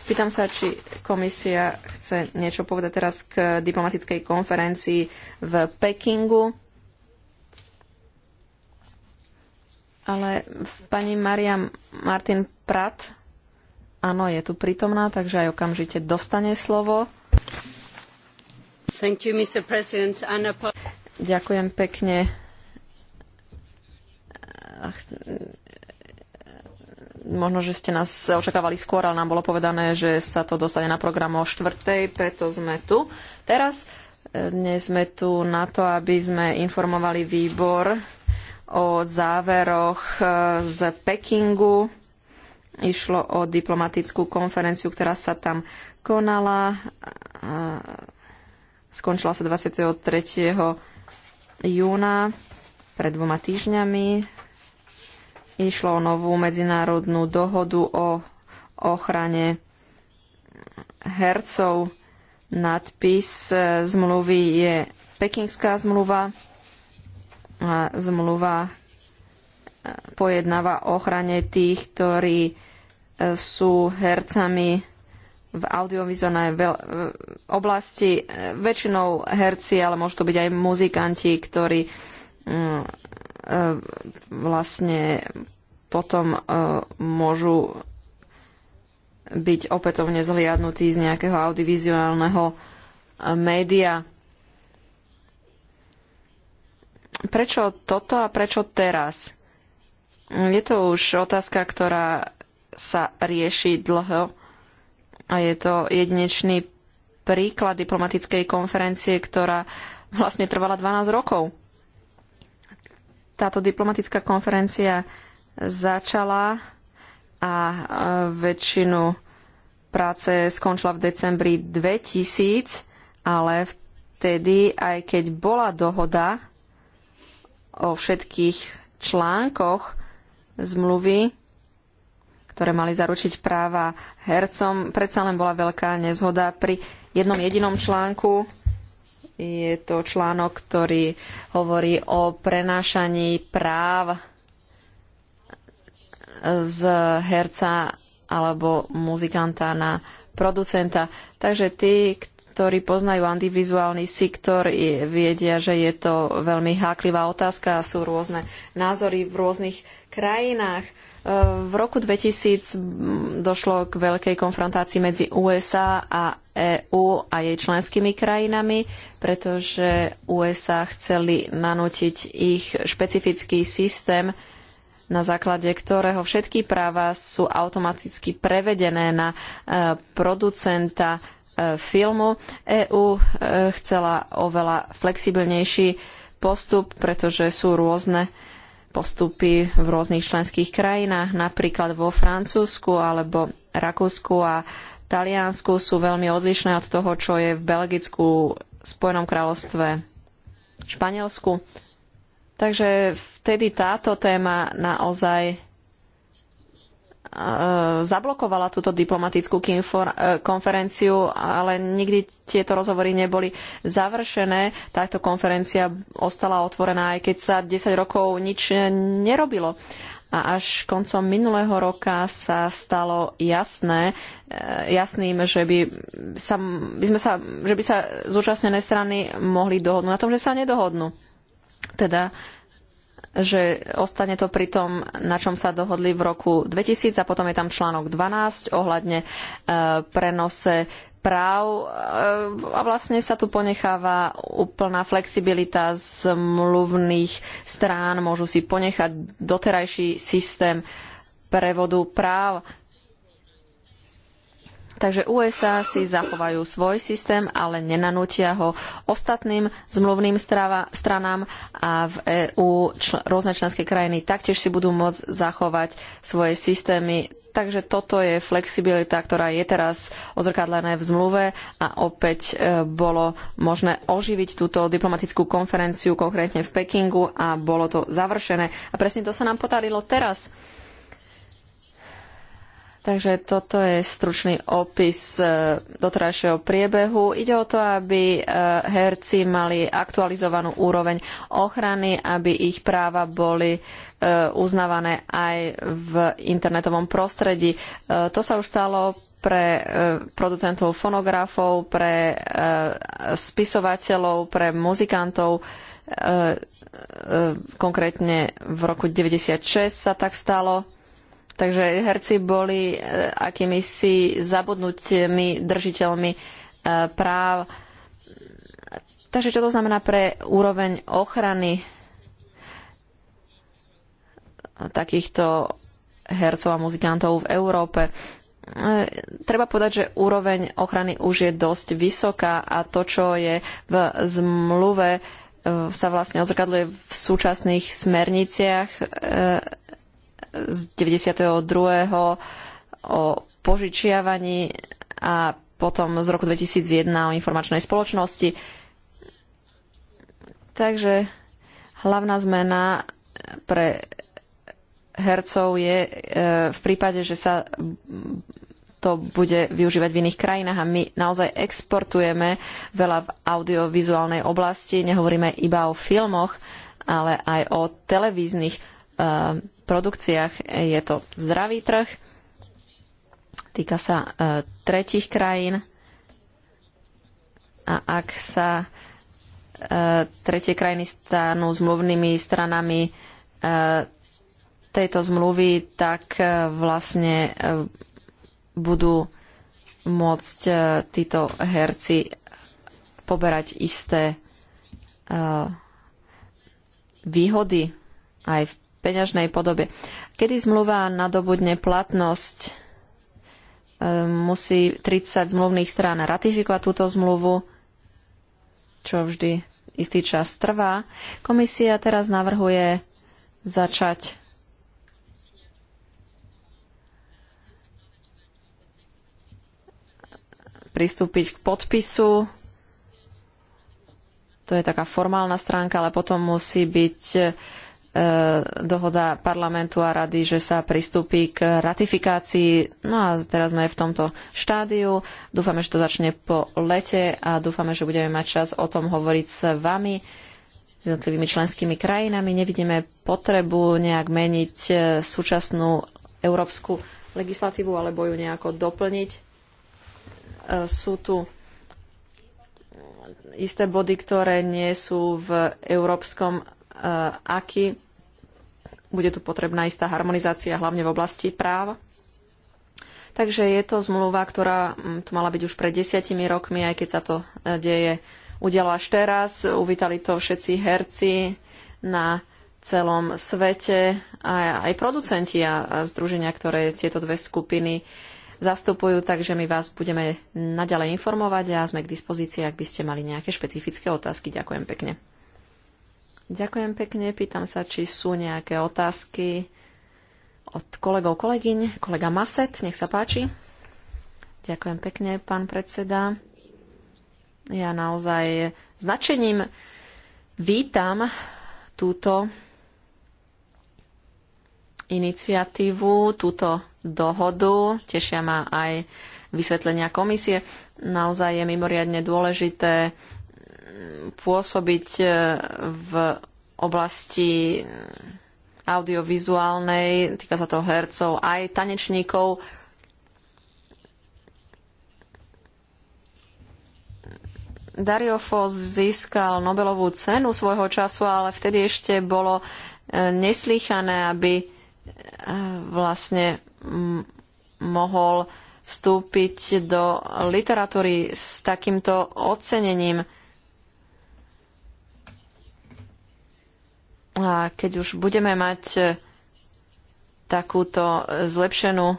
Pýtam sa, či komisia chce niečo povedať teraz k diplomatickej konferencii v Pekingu. Ale pani Maria Martin Prat, áno, je tu prítomná, takže aj okamžite dostane slovo. You, Ďakujem pekne. Možno, že ste nás očakávali skôr, ale nám bolo povedané, že sa to dostane na program o štvrtej, preto sme tu. Teraz e, dnes sme tu na to, aby sme informovali výbor o záveroch e, z Pekingu. Išlo o diplomatickú konferenciu, ktorá sa tam konala. Skončila sa 23 júna pred dvoma týždňami išlo o novú medzinárodnú dohodu o ochrane hercov. Nadpis e, zmluvy je Pekingská zmluva a zmluva e, pojednáva o ochrane tých, ktorí e, sú hercami v audiovizuálnej eh, oblasti. Eh, väčšinou herci, ale môžu to byť aj muzikanti, ktorí mm, eh, vlastne potom môžu byť opätovne zliadnutí z nejakého audiovizuálneho média. Prečo toto a prečo teraz? Je to už otázka, ktorá sa rieši dlho a je to jedinečný príklad diplomatickej konferencie, ktorá vlastne trvala 12 rokov. Táto diplomatická konferencia začala a e, väčšinu práce skončila v decembri 2000, ale vtedy, aj keď bola dohoda o všetkých článkoch zmluvy, ktoré mali zaručiť práva hercom. Predsa len bola veľká nezhoda pri jednom jedinom článku. Je to článok, ktorý hovorí o prenášaní práv z herca alebo muzikanta na producenta. Takže tí, ktorí poznajú antivizuálny sektor, vedia, že je to veľmi háklivá otázka a sú rôzne názory v rôznych krajinách. V roku 2000 došlo k veľkej konfrontácii medzi USA a EÚ a jej členskými krajinami, pretože USA chceli nanútiť ich špecifický systém, na základe ktorého všetky práva sú automaticky prevedené na e, producenta e, filmu. EÚ e, chcela oveľa flexibilnejší postup, pretože sú rôzne postupy v rôznych členských krajinách, napríklad vo Francúzsku alebo Rakúsku a Taliansku sú veľmi odlišné od toho, čo je v Belgicku, Spojenom kráľovstve, Španielsku. Takže vtedy táto téma naozaj E, zablokovala túto diplomatickú e, konferenciu, ale nikdy tieto rozhovory neboli završené. Táto konferencia ostala otvorená, aj keď sa 10 rokov nič nerobilo. A až koncom minulého roka sa stalo jasné, e, jasným, že by, sa, by sme sa, že by sa zúčastnené strany mohli dohodnúť na tom, že sa nedohodnú. Teda že ostane to pri tom, na čom sa dohodli v roku 2000 a potom je tam článok 12 ohľadne e, prenose práv e, a vlastne sa tu ponecháva úplná flexibilita z mluvných strán, môžu si ponechať doterajší systém prevodu práv Takže USA si zachovajú svoj systém, ale nenanútia ho ostatným zmluvným strava, stranám a v EÚ čl- rôzne členské krajiny taktiež si budú môcť zachovať svoje systémy. Takže toto je flexibilita, ktorá je teraz odzrkadlená v zmluve a opäť e, bolo možné oživiť túto diplomatickú konferenciu konkrétne v Pekingu a bolo to završené. A presne to sa nám podarilo teraz Takže toto je stručný opis e, doterajšieho priebehu. Ide o to, aby e, herci mali aktualizovanú úroveň ochrany, aby ich práva boli e, uznávané aj v internetovom prostredí. To sa už stalo pre producentov fonografov, pre spisovateľov, pre muzikantov konkrétne v roku 96 sa tak stalo. Takže herci boli e, si zabudnutými držiteľmi e, práv. Takže čo to znamená pre úroveň ochrany takýchto hercov a muzikantov v Európe? E, treba povedať, že úroveň ochrany už je dosť vysoká a to, čo je v zmluve, sa vlastne odzrkadluje v súčasných smerniciach z 92. o požičiavaní a potom z roku 2001 o informačnej spoločnosti. Takže hlavná zmena pre hercov je e, v prípade, že sa to bude využívať v iných krajinách a my naozaj exportujeme veľa v audiovizuálnej oblasti. Nehovoríme iba o filmoch, ale aj o televíznych uh, produkciách. Je to zdravý trh, týka sa e, tretich krajín a ak sa e, tretie krajiny stanú zmluvnými stranami e, tejto zmluvy, tak vlastne budú môcť títo herci poberať isté výhody aj v peňažnej podobe. Kedy zmluva nadobudne platnosť, e, musí 30 zmluvných strán ratifikovať túto zmluvu, čo vždy istý čas trvá. Komisia teraz navrhuje začať pristúpiť k podpisu. To je taká formálna stránka, ale potom musí byť Eh, dohoda parlamentu a rady, že sa pristúpi k ratifikácii. No a teraz sme v tomto štádiu. Dúfame, že to začne po lete a dúfame, že budeme mať čas o tom hovoriť s vami jednotlivými členskými krajinami. Nevidíme potrebu nejak meniť eh, súčasnú európsku legislatívu alebo ju nejako doplniť. Eh, sú tu isté body, ktoré nie sú v európskom aky bude tu potrebná istá harmonizácia, hlavne v oblasti práv. Takže je to zmluva, ktorá mm, tu mala byť už pred desiatimi rokmi, aj keď sa to e, deje udialo až teraz. Uvítali to všetci herci na celom svete a aj producenti a združenia, ktoré tieto dve skupiny zastupujú, takže my vás budeme naďalej informovať a sme k dispozícii, ak by ste mali nejaké špecifické otázky. Ďakujem pekne. Ďakujem pekne. Pýtam sa, či sú nejaké otázky od kolegov, kolegyň. Kolega Maset, nech sa páči. Ďakujem pekne, pán predseda. Ja naozaj značením vítam túto iniciatívu, túto dohodu. Tešia ma aj vysvetlenia komisie. Naozaj je mimoriadne dôležité pôsobiť e, v oblasti e, audiovizuálnej, týka sa to hercov, aj tanečníkov. Dario Fo získal Nobelovú cenu svojho času, ale vtedy ešte bolo e, neslýchané, aby vlastne mohol vstúpiť do literatúry s takýmto ocenením. A keď už budeme mať e, takúto e, zlepšenú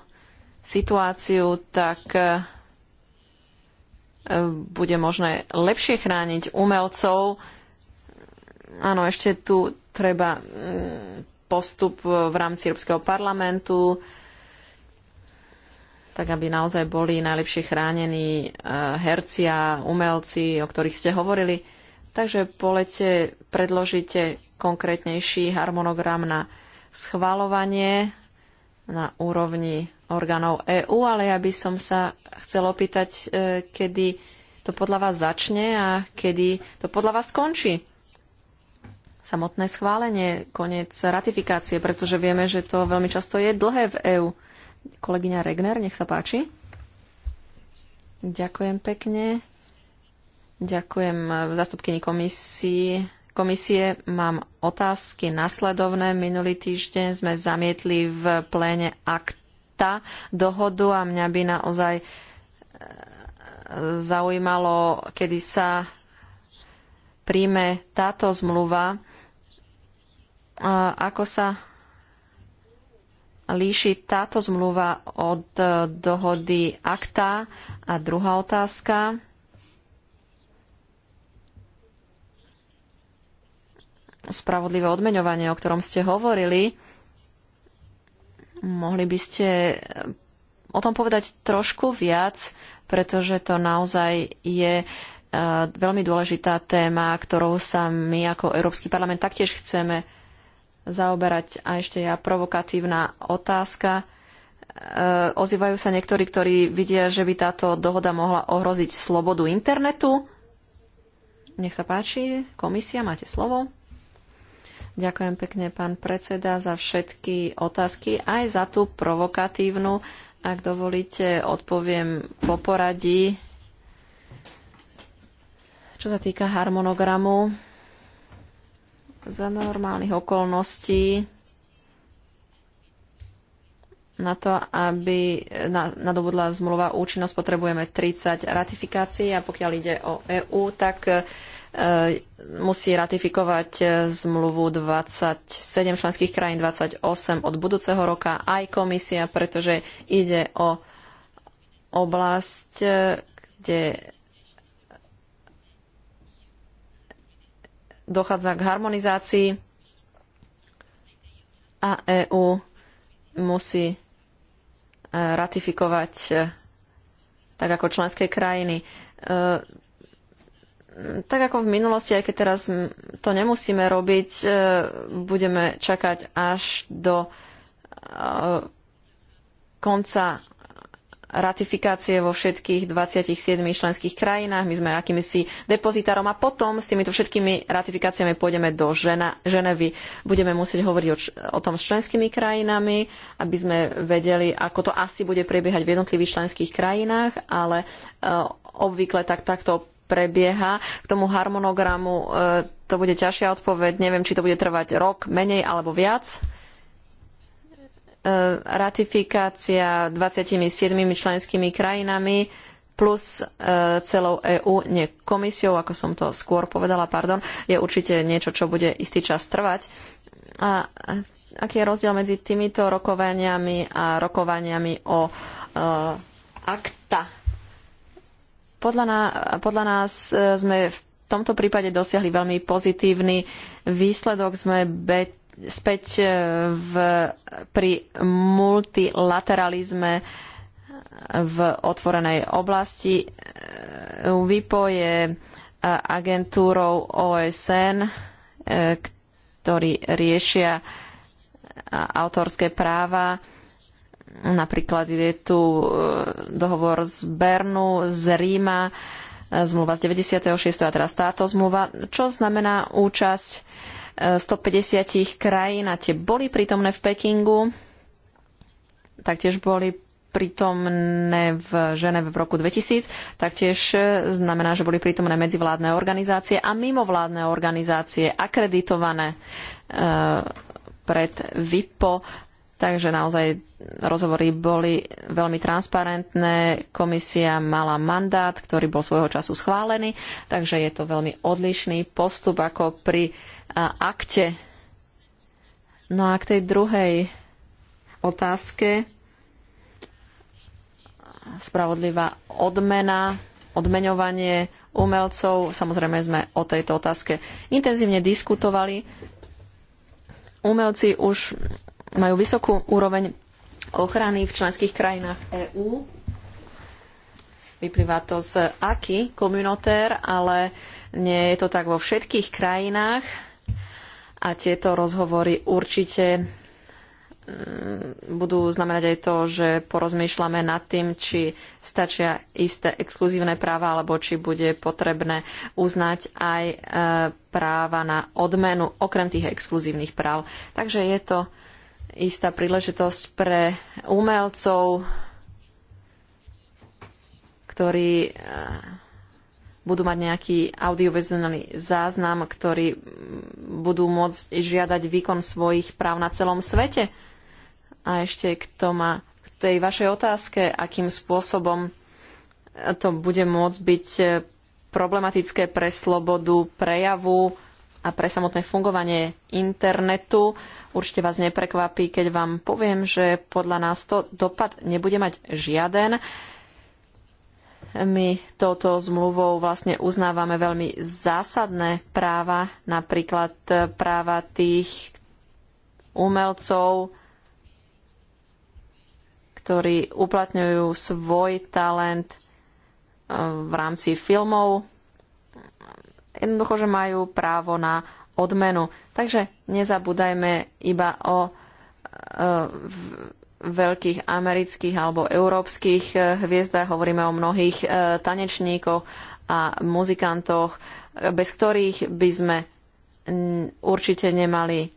situáciu, tak e, bude možné lepšie chrániť umelcov. Áno, ešte tu treba mm, postup v rámci Európskeho parlamentu, tak aby naozaj boli najlepšie chránení herci a umelci, o ktorých ste hovorili. Takže polete predložite. predložíte konkrétnejší harmonogram na schvalovanie na úrovni orgánov EÚ, ale ja by som sa chcel opýtať, e, kedy to podľa vás začne a kedy to podľa vás skončí. Samotné schválenie, koniec ratifikácie, pretože vieme, že to veľmi často je dlhé v EÚ. Kolegyňa Regner, nech sa páči. Ďakujem pekne. Ďakujem e, zastupkyni komisii komisie mám otázky nasledovné. Minulý týždeň sme zamietli v pléne akta dohodu a mňa by naozaj e, zaujímalo, kedy sa príjme táto zmluva, e, ako sa líši táto zmluva od e, dohody akta. A druhá otázka. spravodlivé odmeňovanie, o ktorom ste hovorili. Mohli by ste o tom povedať trošku viac, pretože to naozaj je e, veľmi dôležitá téma, ktorou sa my ako Európsky parlament taktiež chceme zaoberať. A ešte ja provokatívna otázka. E, ozývajú sa niektorí, ktorí vidia, že by táto dohoda mohla ohroziť slobodu internetu. Nech sa páči, komisia, máte slovo. Ďakujem pekne, pán predseda, za všetky otázky, aj za tú provokatívnu. Ak dovolíte, odpoviem po poradí. Čo sa týka harmonogramu, za normálnych okolností na to, aby nadobudla zmluva účinnosť, potrebujeme 30 ratifikácií a pokiaľ ide o EÚ, tak E, musí ratifikovať e, zmluvu 27 členských krajín, 28 od budúceho roka, aj komisia, pretože ide o oblasť, e, kde dochádza k harmonizácii a EÚ musí ratifikovať tak ako členské krajiny tak ako v minulosti, aj keď teraz to nemusíme robiť, e, budeme čakať až do e, konca ratifikácie vo všetkých 27 členských krajinách. My sme akýmisi depozitárom a potom s týmito všetkými ratifikáciami pôjdeme do Žena, Ženevy. Budeme musieť hovoriť o, o tom s členskými krajinami, aby sme vedeli, ako to asi bude prebiehať v jednotlivých členských krajinách, ale uh, obvykle tak takto prebieha. K tomu harmonogramu e, to bude ťažšia odpoveď. Neviem, či to bude trvať rok, menej alebo viac. E, ratifikácia 27 členskými krajinami plus e, celou EÚ, nie komisiou, ako som to skôr povedala, pardon, je určite niečo, čo bude istý čas trvať. A aký je rozdiel medzi týmito rokovaniami a rokovaniami o akta podľa, podľa nás e, sme v tomto prípade dosiahli veľmi pozitívny výsledok. Sme be, späť e, v, pri multilateralizme v otvorenej oblasti. E, VIPO je agentúrou OSN, ktorí riešia autorské práva Napríklad je tu e, dohovor z Bernu, z Ríma, e, zmluva z 96. a teraz táto zmluva, čo znamená účasť 150 e, krajín a tie boli prítomné v Pekingu, taktiež boli prítomné v Ženeve v roku 2000, taktiež znamená, že boli prítomné medzivládne organizácie a mimovládne organizácie akreditované pred VIPO Takže naozaj rozhovory boli veľmi transparentné. Komisia mala mandát, ktorý bol svojho času schválený, takže je to veľmi odlišný postup ako pri a, akte. No a k tej druhej otázke. Spravodlivá odmena, odmeňovanie umelcov. Samozrejme sme o tejto otázke intenzívne diskutovali. Umelci už majú vysokú úroveň ochrany v členských krajinách EÚ. Vyplýva to z AKI komunitér, ale nie je to tak vo všetkých krajinách a tieto rozhovory určite mm, budú znamenať aj to, že porozmýšľame nad tým, či stačia isté exkluzívne práva, alebo či bude potrebné uznať aj e, práva na odmenu, okrem tých exkluzívnych práv. Takže je to istá príležitosť pre umelcov, ktorí eh, budú mať nejaký audiovizuálny záznam, ktorí budú môcť žiadať výkon svojich práv na celom svete. A ešte kto má k tej vašej otázke, akým spôsobom to bude môcť byť eh, problematické pre slobodu prejavu, a pre samotné fungovanie internetu. Určite vás neprekvapí, keď vám poviem, že podľa nás to dopad nebude mať žiaden. My touto zmluvou vlastne uznávame veľmi zásadné práva, napríklad práva tých umelcov, ktorí uplatňujú svoj talent eh, v rámci filmov, jednoducho, že majú právo na odmenu. Takže nezabúdajme iba o e, veľkých amerických alebo európskych e, hviezdách, hovoríme o mnohých e, tanečníkoch a muzikantoch, bez ktorých by sme určite nemali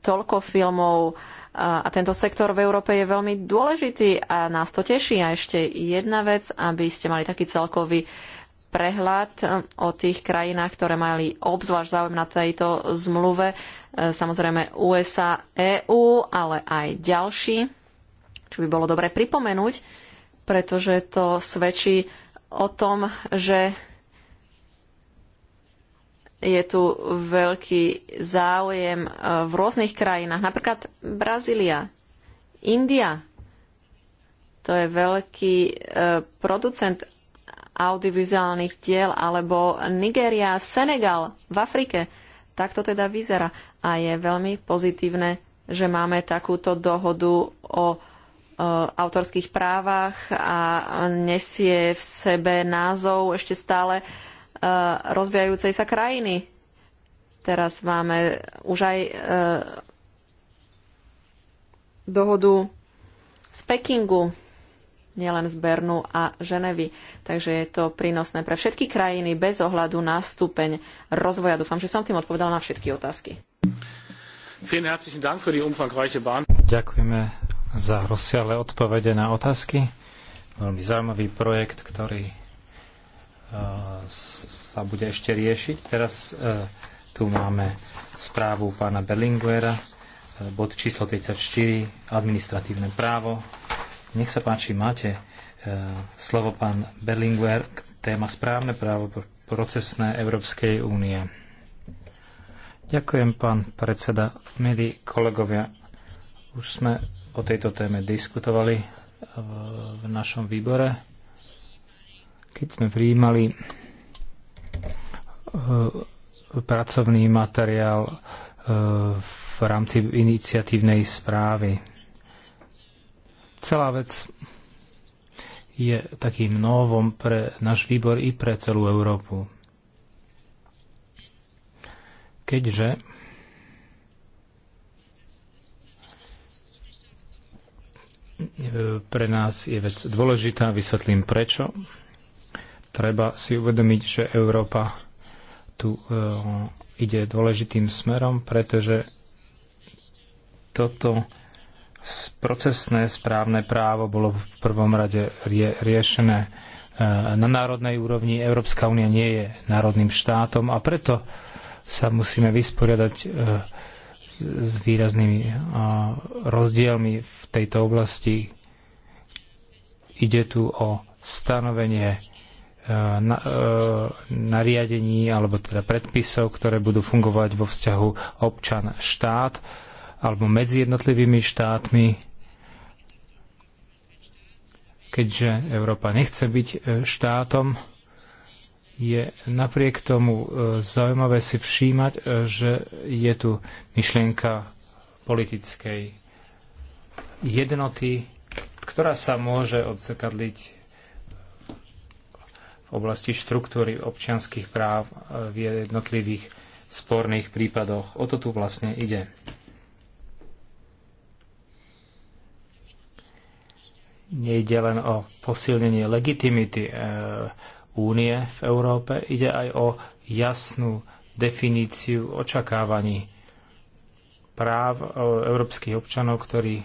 toľko filmov a tento sektor v Európe je veľmi dôležitý a nás to teší. A ešte jedna vec, aby ste mali taký celkový prehľad eh, o tých krajinách, ktoré mali obzvlášť záujem na tejto zmluve. Eh, samozrejme USA, EÚ, ale aj ďalší, čo by bolo dobre pripomenúť, pretože to svedčí o tom, že je tu veľký záujem eh, v rôznych krajinách, napríklad Brazília, India. To je veľký producent audiovizuálnych diel, alebo Nigéria, Senegal v Afrike. Tak to teda vyzerá. A je veľmi pozitívne, že máme takúto dohodu o e, autorských právach a nesie v sebe názov ešte stále e, rozvíjajúcej sa krajiny. Teraz máme už aj e, dohodu z Pekingu nielen z Bernu a Ženevy. Takže je to prínosné pre všetky krajiny bez ohľadu na stupeň rozvoja. Dúfam, že som tým odpovedala na všetky otázky. Ďakujeme za rozsiahle odpovede na otázky. Veľmi zaujímavý projekt, ktorý e, sa bude ešte riešiť. Teraz e, tu máme správu pána Berlinguera, e, bod číslo 34, administratívne právo. Nech sa páči, máte e, slovo pán Berlinguer k téma správne právo procesné Európskej únie. Ďakujem, pán predseda. Milí kolegovia, už sme o tejto téme diskutovali e, v našom výbore, keď sme prijímali e, pracovný materiál v rámci iniciatívnej správy Celá vec je takým novom pre náš výbor i pre celú Európu. Keďže pre nás je vec dôležitá, vysvetlím prečo. Treba si uvedomiť, že Európa tu e, ide dôležitým smerom, pretože toto procesné správne právo bolo v prvom rade rie, riešené e, na národnej úrovni. Európska únia nie je národným štátom a preto sa musíme vysporiadať e, s výraznými e, rozdielmi v tejto oblasti. Ide tu o stanovenie nariadení alebo teda predpisov, ktoré budú fungovať vo vzťahu občan-štát alebo medzi jednotlivými štátmi, keďže Európa nechce byť e, štátom, je napriek tomu e, zaujímavé si všímať, e, že je tu myšlienka politickej jednoty, ktorá sa môže odzrkadliť v oblasti štruktúry občianských práv v jednotlivých sporných prípadoch. O to tu vlastne ide. nejde len o posilnenie legitimity e, únie v Európe, ide aj o jasnú definíciu očakávaní práv e, európskych občanov, ktorí,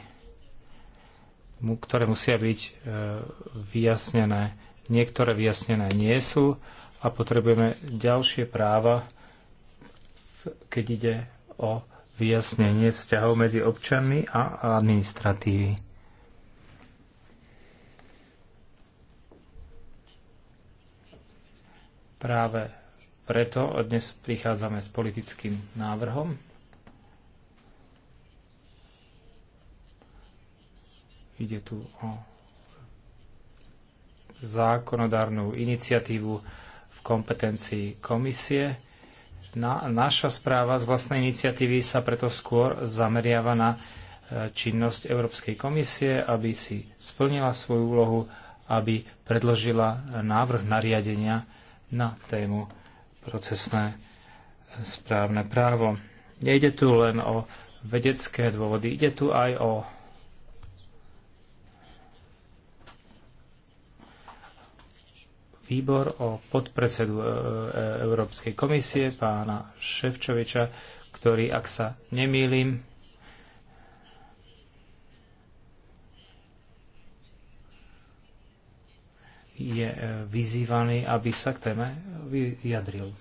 ktoré musia byť e, vyjasnené. Niektoré vyjasnené nie sú a potrebujeme ďalšie práva, keď ide o vyjasnenie vzťahov medzi občanmi a administratívy. Práve preto dnes prichádzame s politickým návrhom. Ide tu o zákonodárnu iniciatívu v kompetencii komisie. Na, naša správa z vlastnej iniciatívy sa preto skôr zameriava na e, činnosť Európskej komisie, aby si splnila svoju úlohu, aby predložila návrh nariadenia na tému procesné e, správne právo. Nejde tu len o vedecké dôvody, ide tu aj o výbor o podpredsedu e, e, Európskej komisie pána Ševčoviča, ktorý, ak sa nemýlim, je e, vyzývaný, aby sa k téme vyjadril.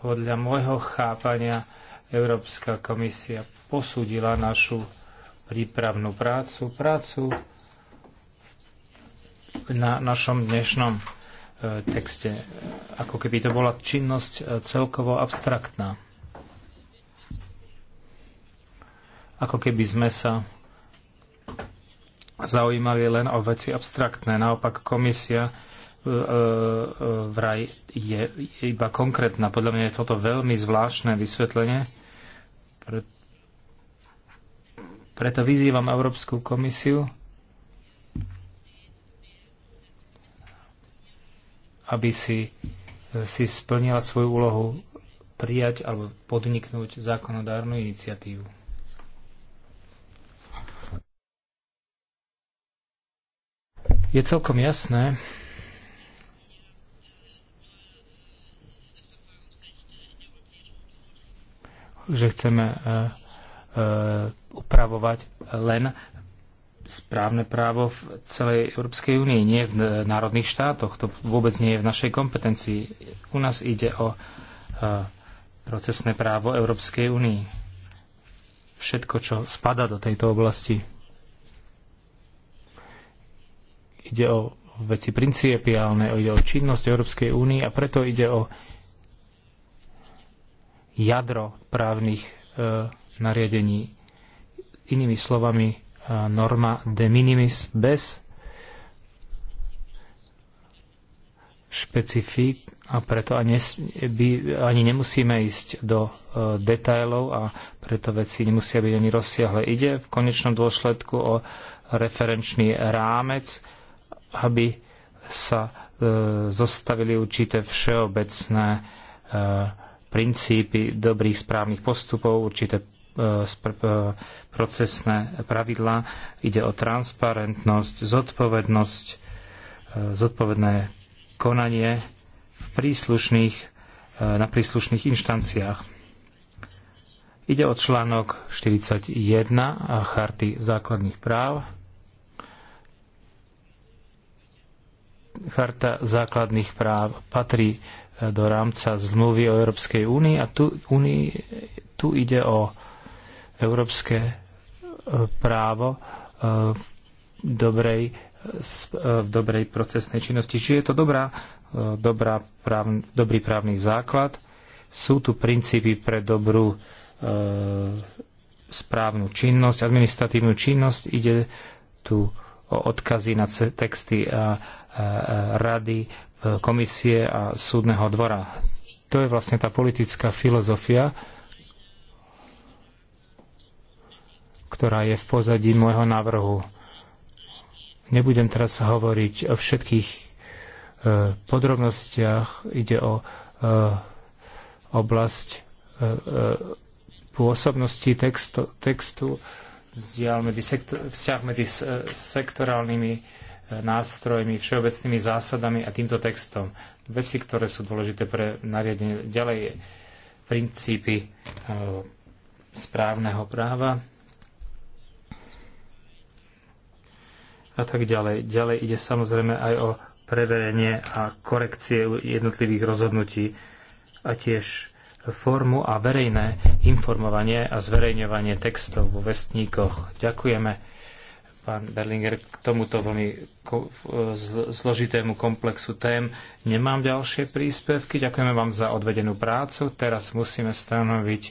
Podľa môjho chápania Európska komisia posúdila našu prípravnú prácu, prácu na našom dnešnom e, texte, ako keby to bola činnosť e, celkovo abstraktná. ako keby sme sa zaujímali len o veci abstraktné. Naopak komisia e, e, e, vraj je iba konkrétna. Podľa mňa je toto veľmi zvláštne vysvetlenie. Preto vyzývam Európsku komisiu, aby si, si splnila svoju úlohu prijať alebo podniknúť zákonodárnu iniciatívu. Je celkom jasné, že chceme e, e, upravovať len správne právo v celej Európskej únii, nie v národných štátoch. To vôbec nie je v našej kompetencii. U nás ide o e, procesné právo Európskej únii. Všetko, čo spada do tejto oblasti. Ide o veci principiálne, ide o činnosť Európskej únie a preto ide o jadro právnych e, nariadení. Inými slovami, e, norma de minimis bez špecifik a preto ani, by, ani nemusíme ísť do e, detajlov a preto veci nemusia byť ani rozsiahle. Ide v konečnom dôsledku o referenčný rámec, aby sa e, zostavili určité všeobecné e, princípy dobrých správnych postupov, určité e, procesné pravidlá. Ide o transparentnosť, zodpovednosť, zodpovedné konanie v príslušných, na príslušných inštanciách. Ide o článok 41 a Charty základných práv Charta základných práv patrí e, do rámca zmluvy o Európskej únii a tu, unii, tu ide o európske e, právo e, v dobrej, v dobrej procesnej činnosti. Čiže je to dobrá, dobrá práv, dobrý právny základ. Sú tu princípy pre dobrú e, správnu činnosť, administratívnu činnosť. Ide tu o odkazy na texty a E, rady, e, komisie a súdneho dvora. To je vlastne tá politická filozofia, ktorá je v pozadí môjho návrhu. Nebudem teraz hovoriť o všetkých e, podrobnostiach. Ide o oblasť pôsobnosti textu. textu vzťah medzi sektorálnymi nástrojmi, všeobecnými zásadami a týmto textom. Veci, ktoré sú dôležité pre nariadenie. Ďalej princípy e, správneho práva a tak ďalej. Ďalej ide samozrejme aj o preverenie a korekcie jednotlivých rozhodnutí a tiež formu a verejné informovanie a zverejňovanie textov vo vestníkoch. Ďakujeme pán Berlinger, k tomuto veľmi zložitému komplexu tém. Nemám ďalšie príspevky. Ďakujeme vám za odvedenú prácu. Teraz musíme stanoviť e,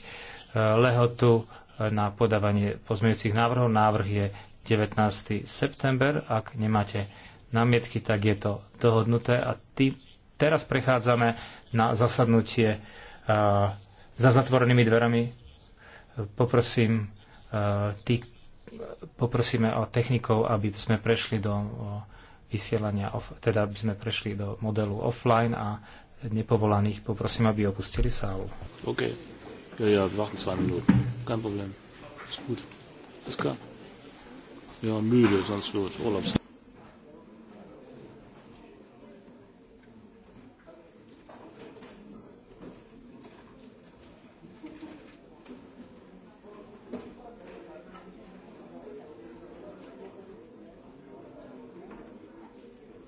lehotu e, na podávanie pozmeňujúcich návrhov. Návrh je 19. september. Ak nemáte námietky, tak je to dohodnuté. A tý, teraz prechádzame na zasadnutie uh, za zatvorenými dverami. Poprosím uh, tých, poprosíme o technikov, aby sme prešli do vysielania, teda aby sme prešli do modelu offline a nepovolaných poprosím, aby opustili sálu. OK. Ja, ja, warten zwei Kein Problem. Ist gut. Ist klar. Ja, müde, sonst wird Urlaubs.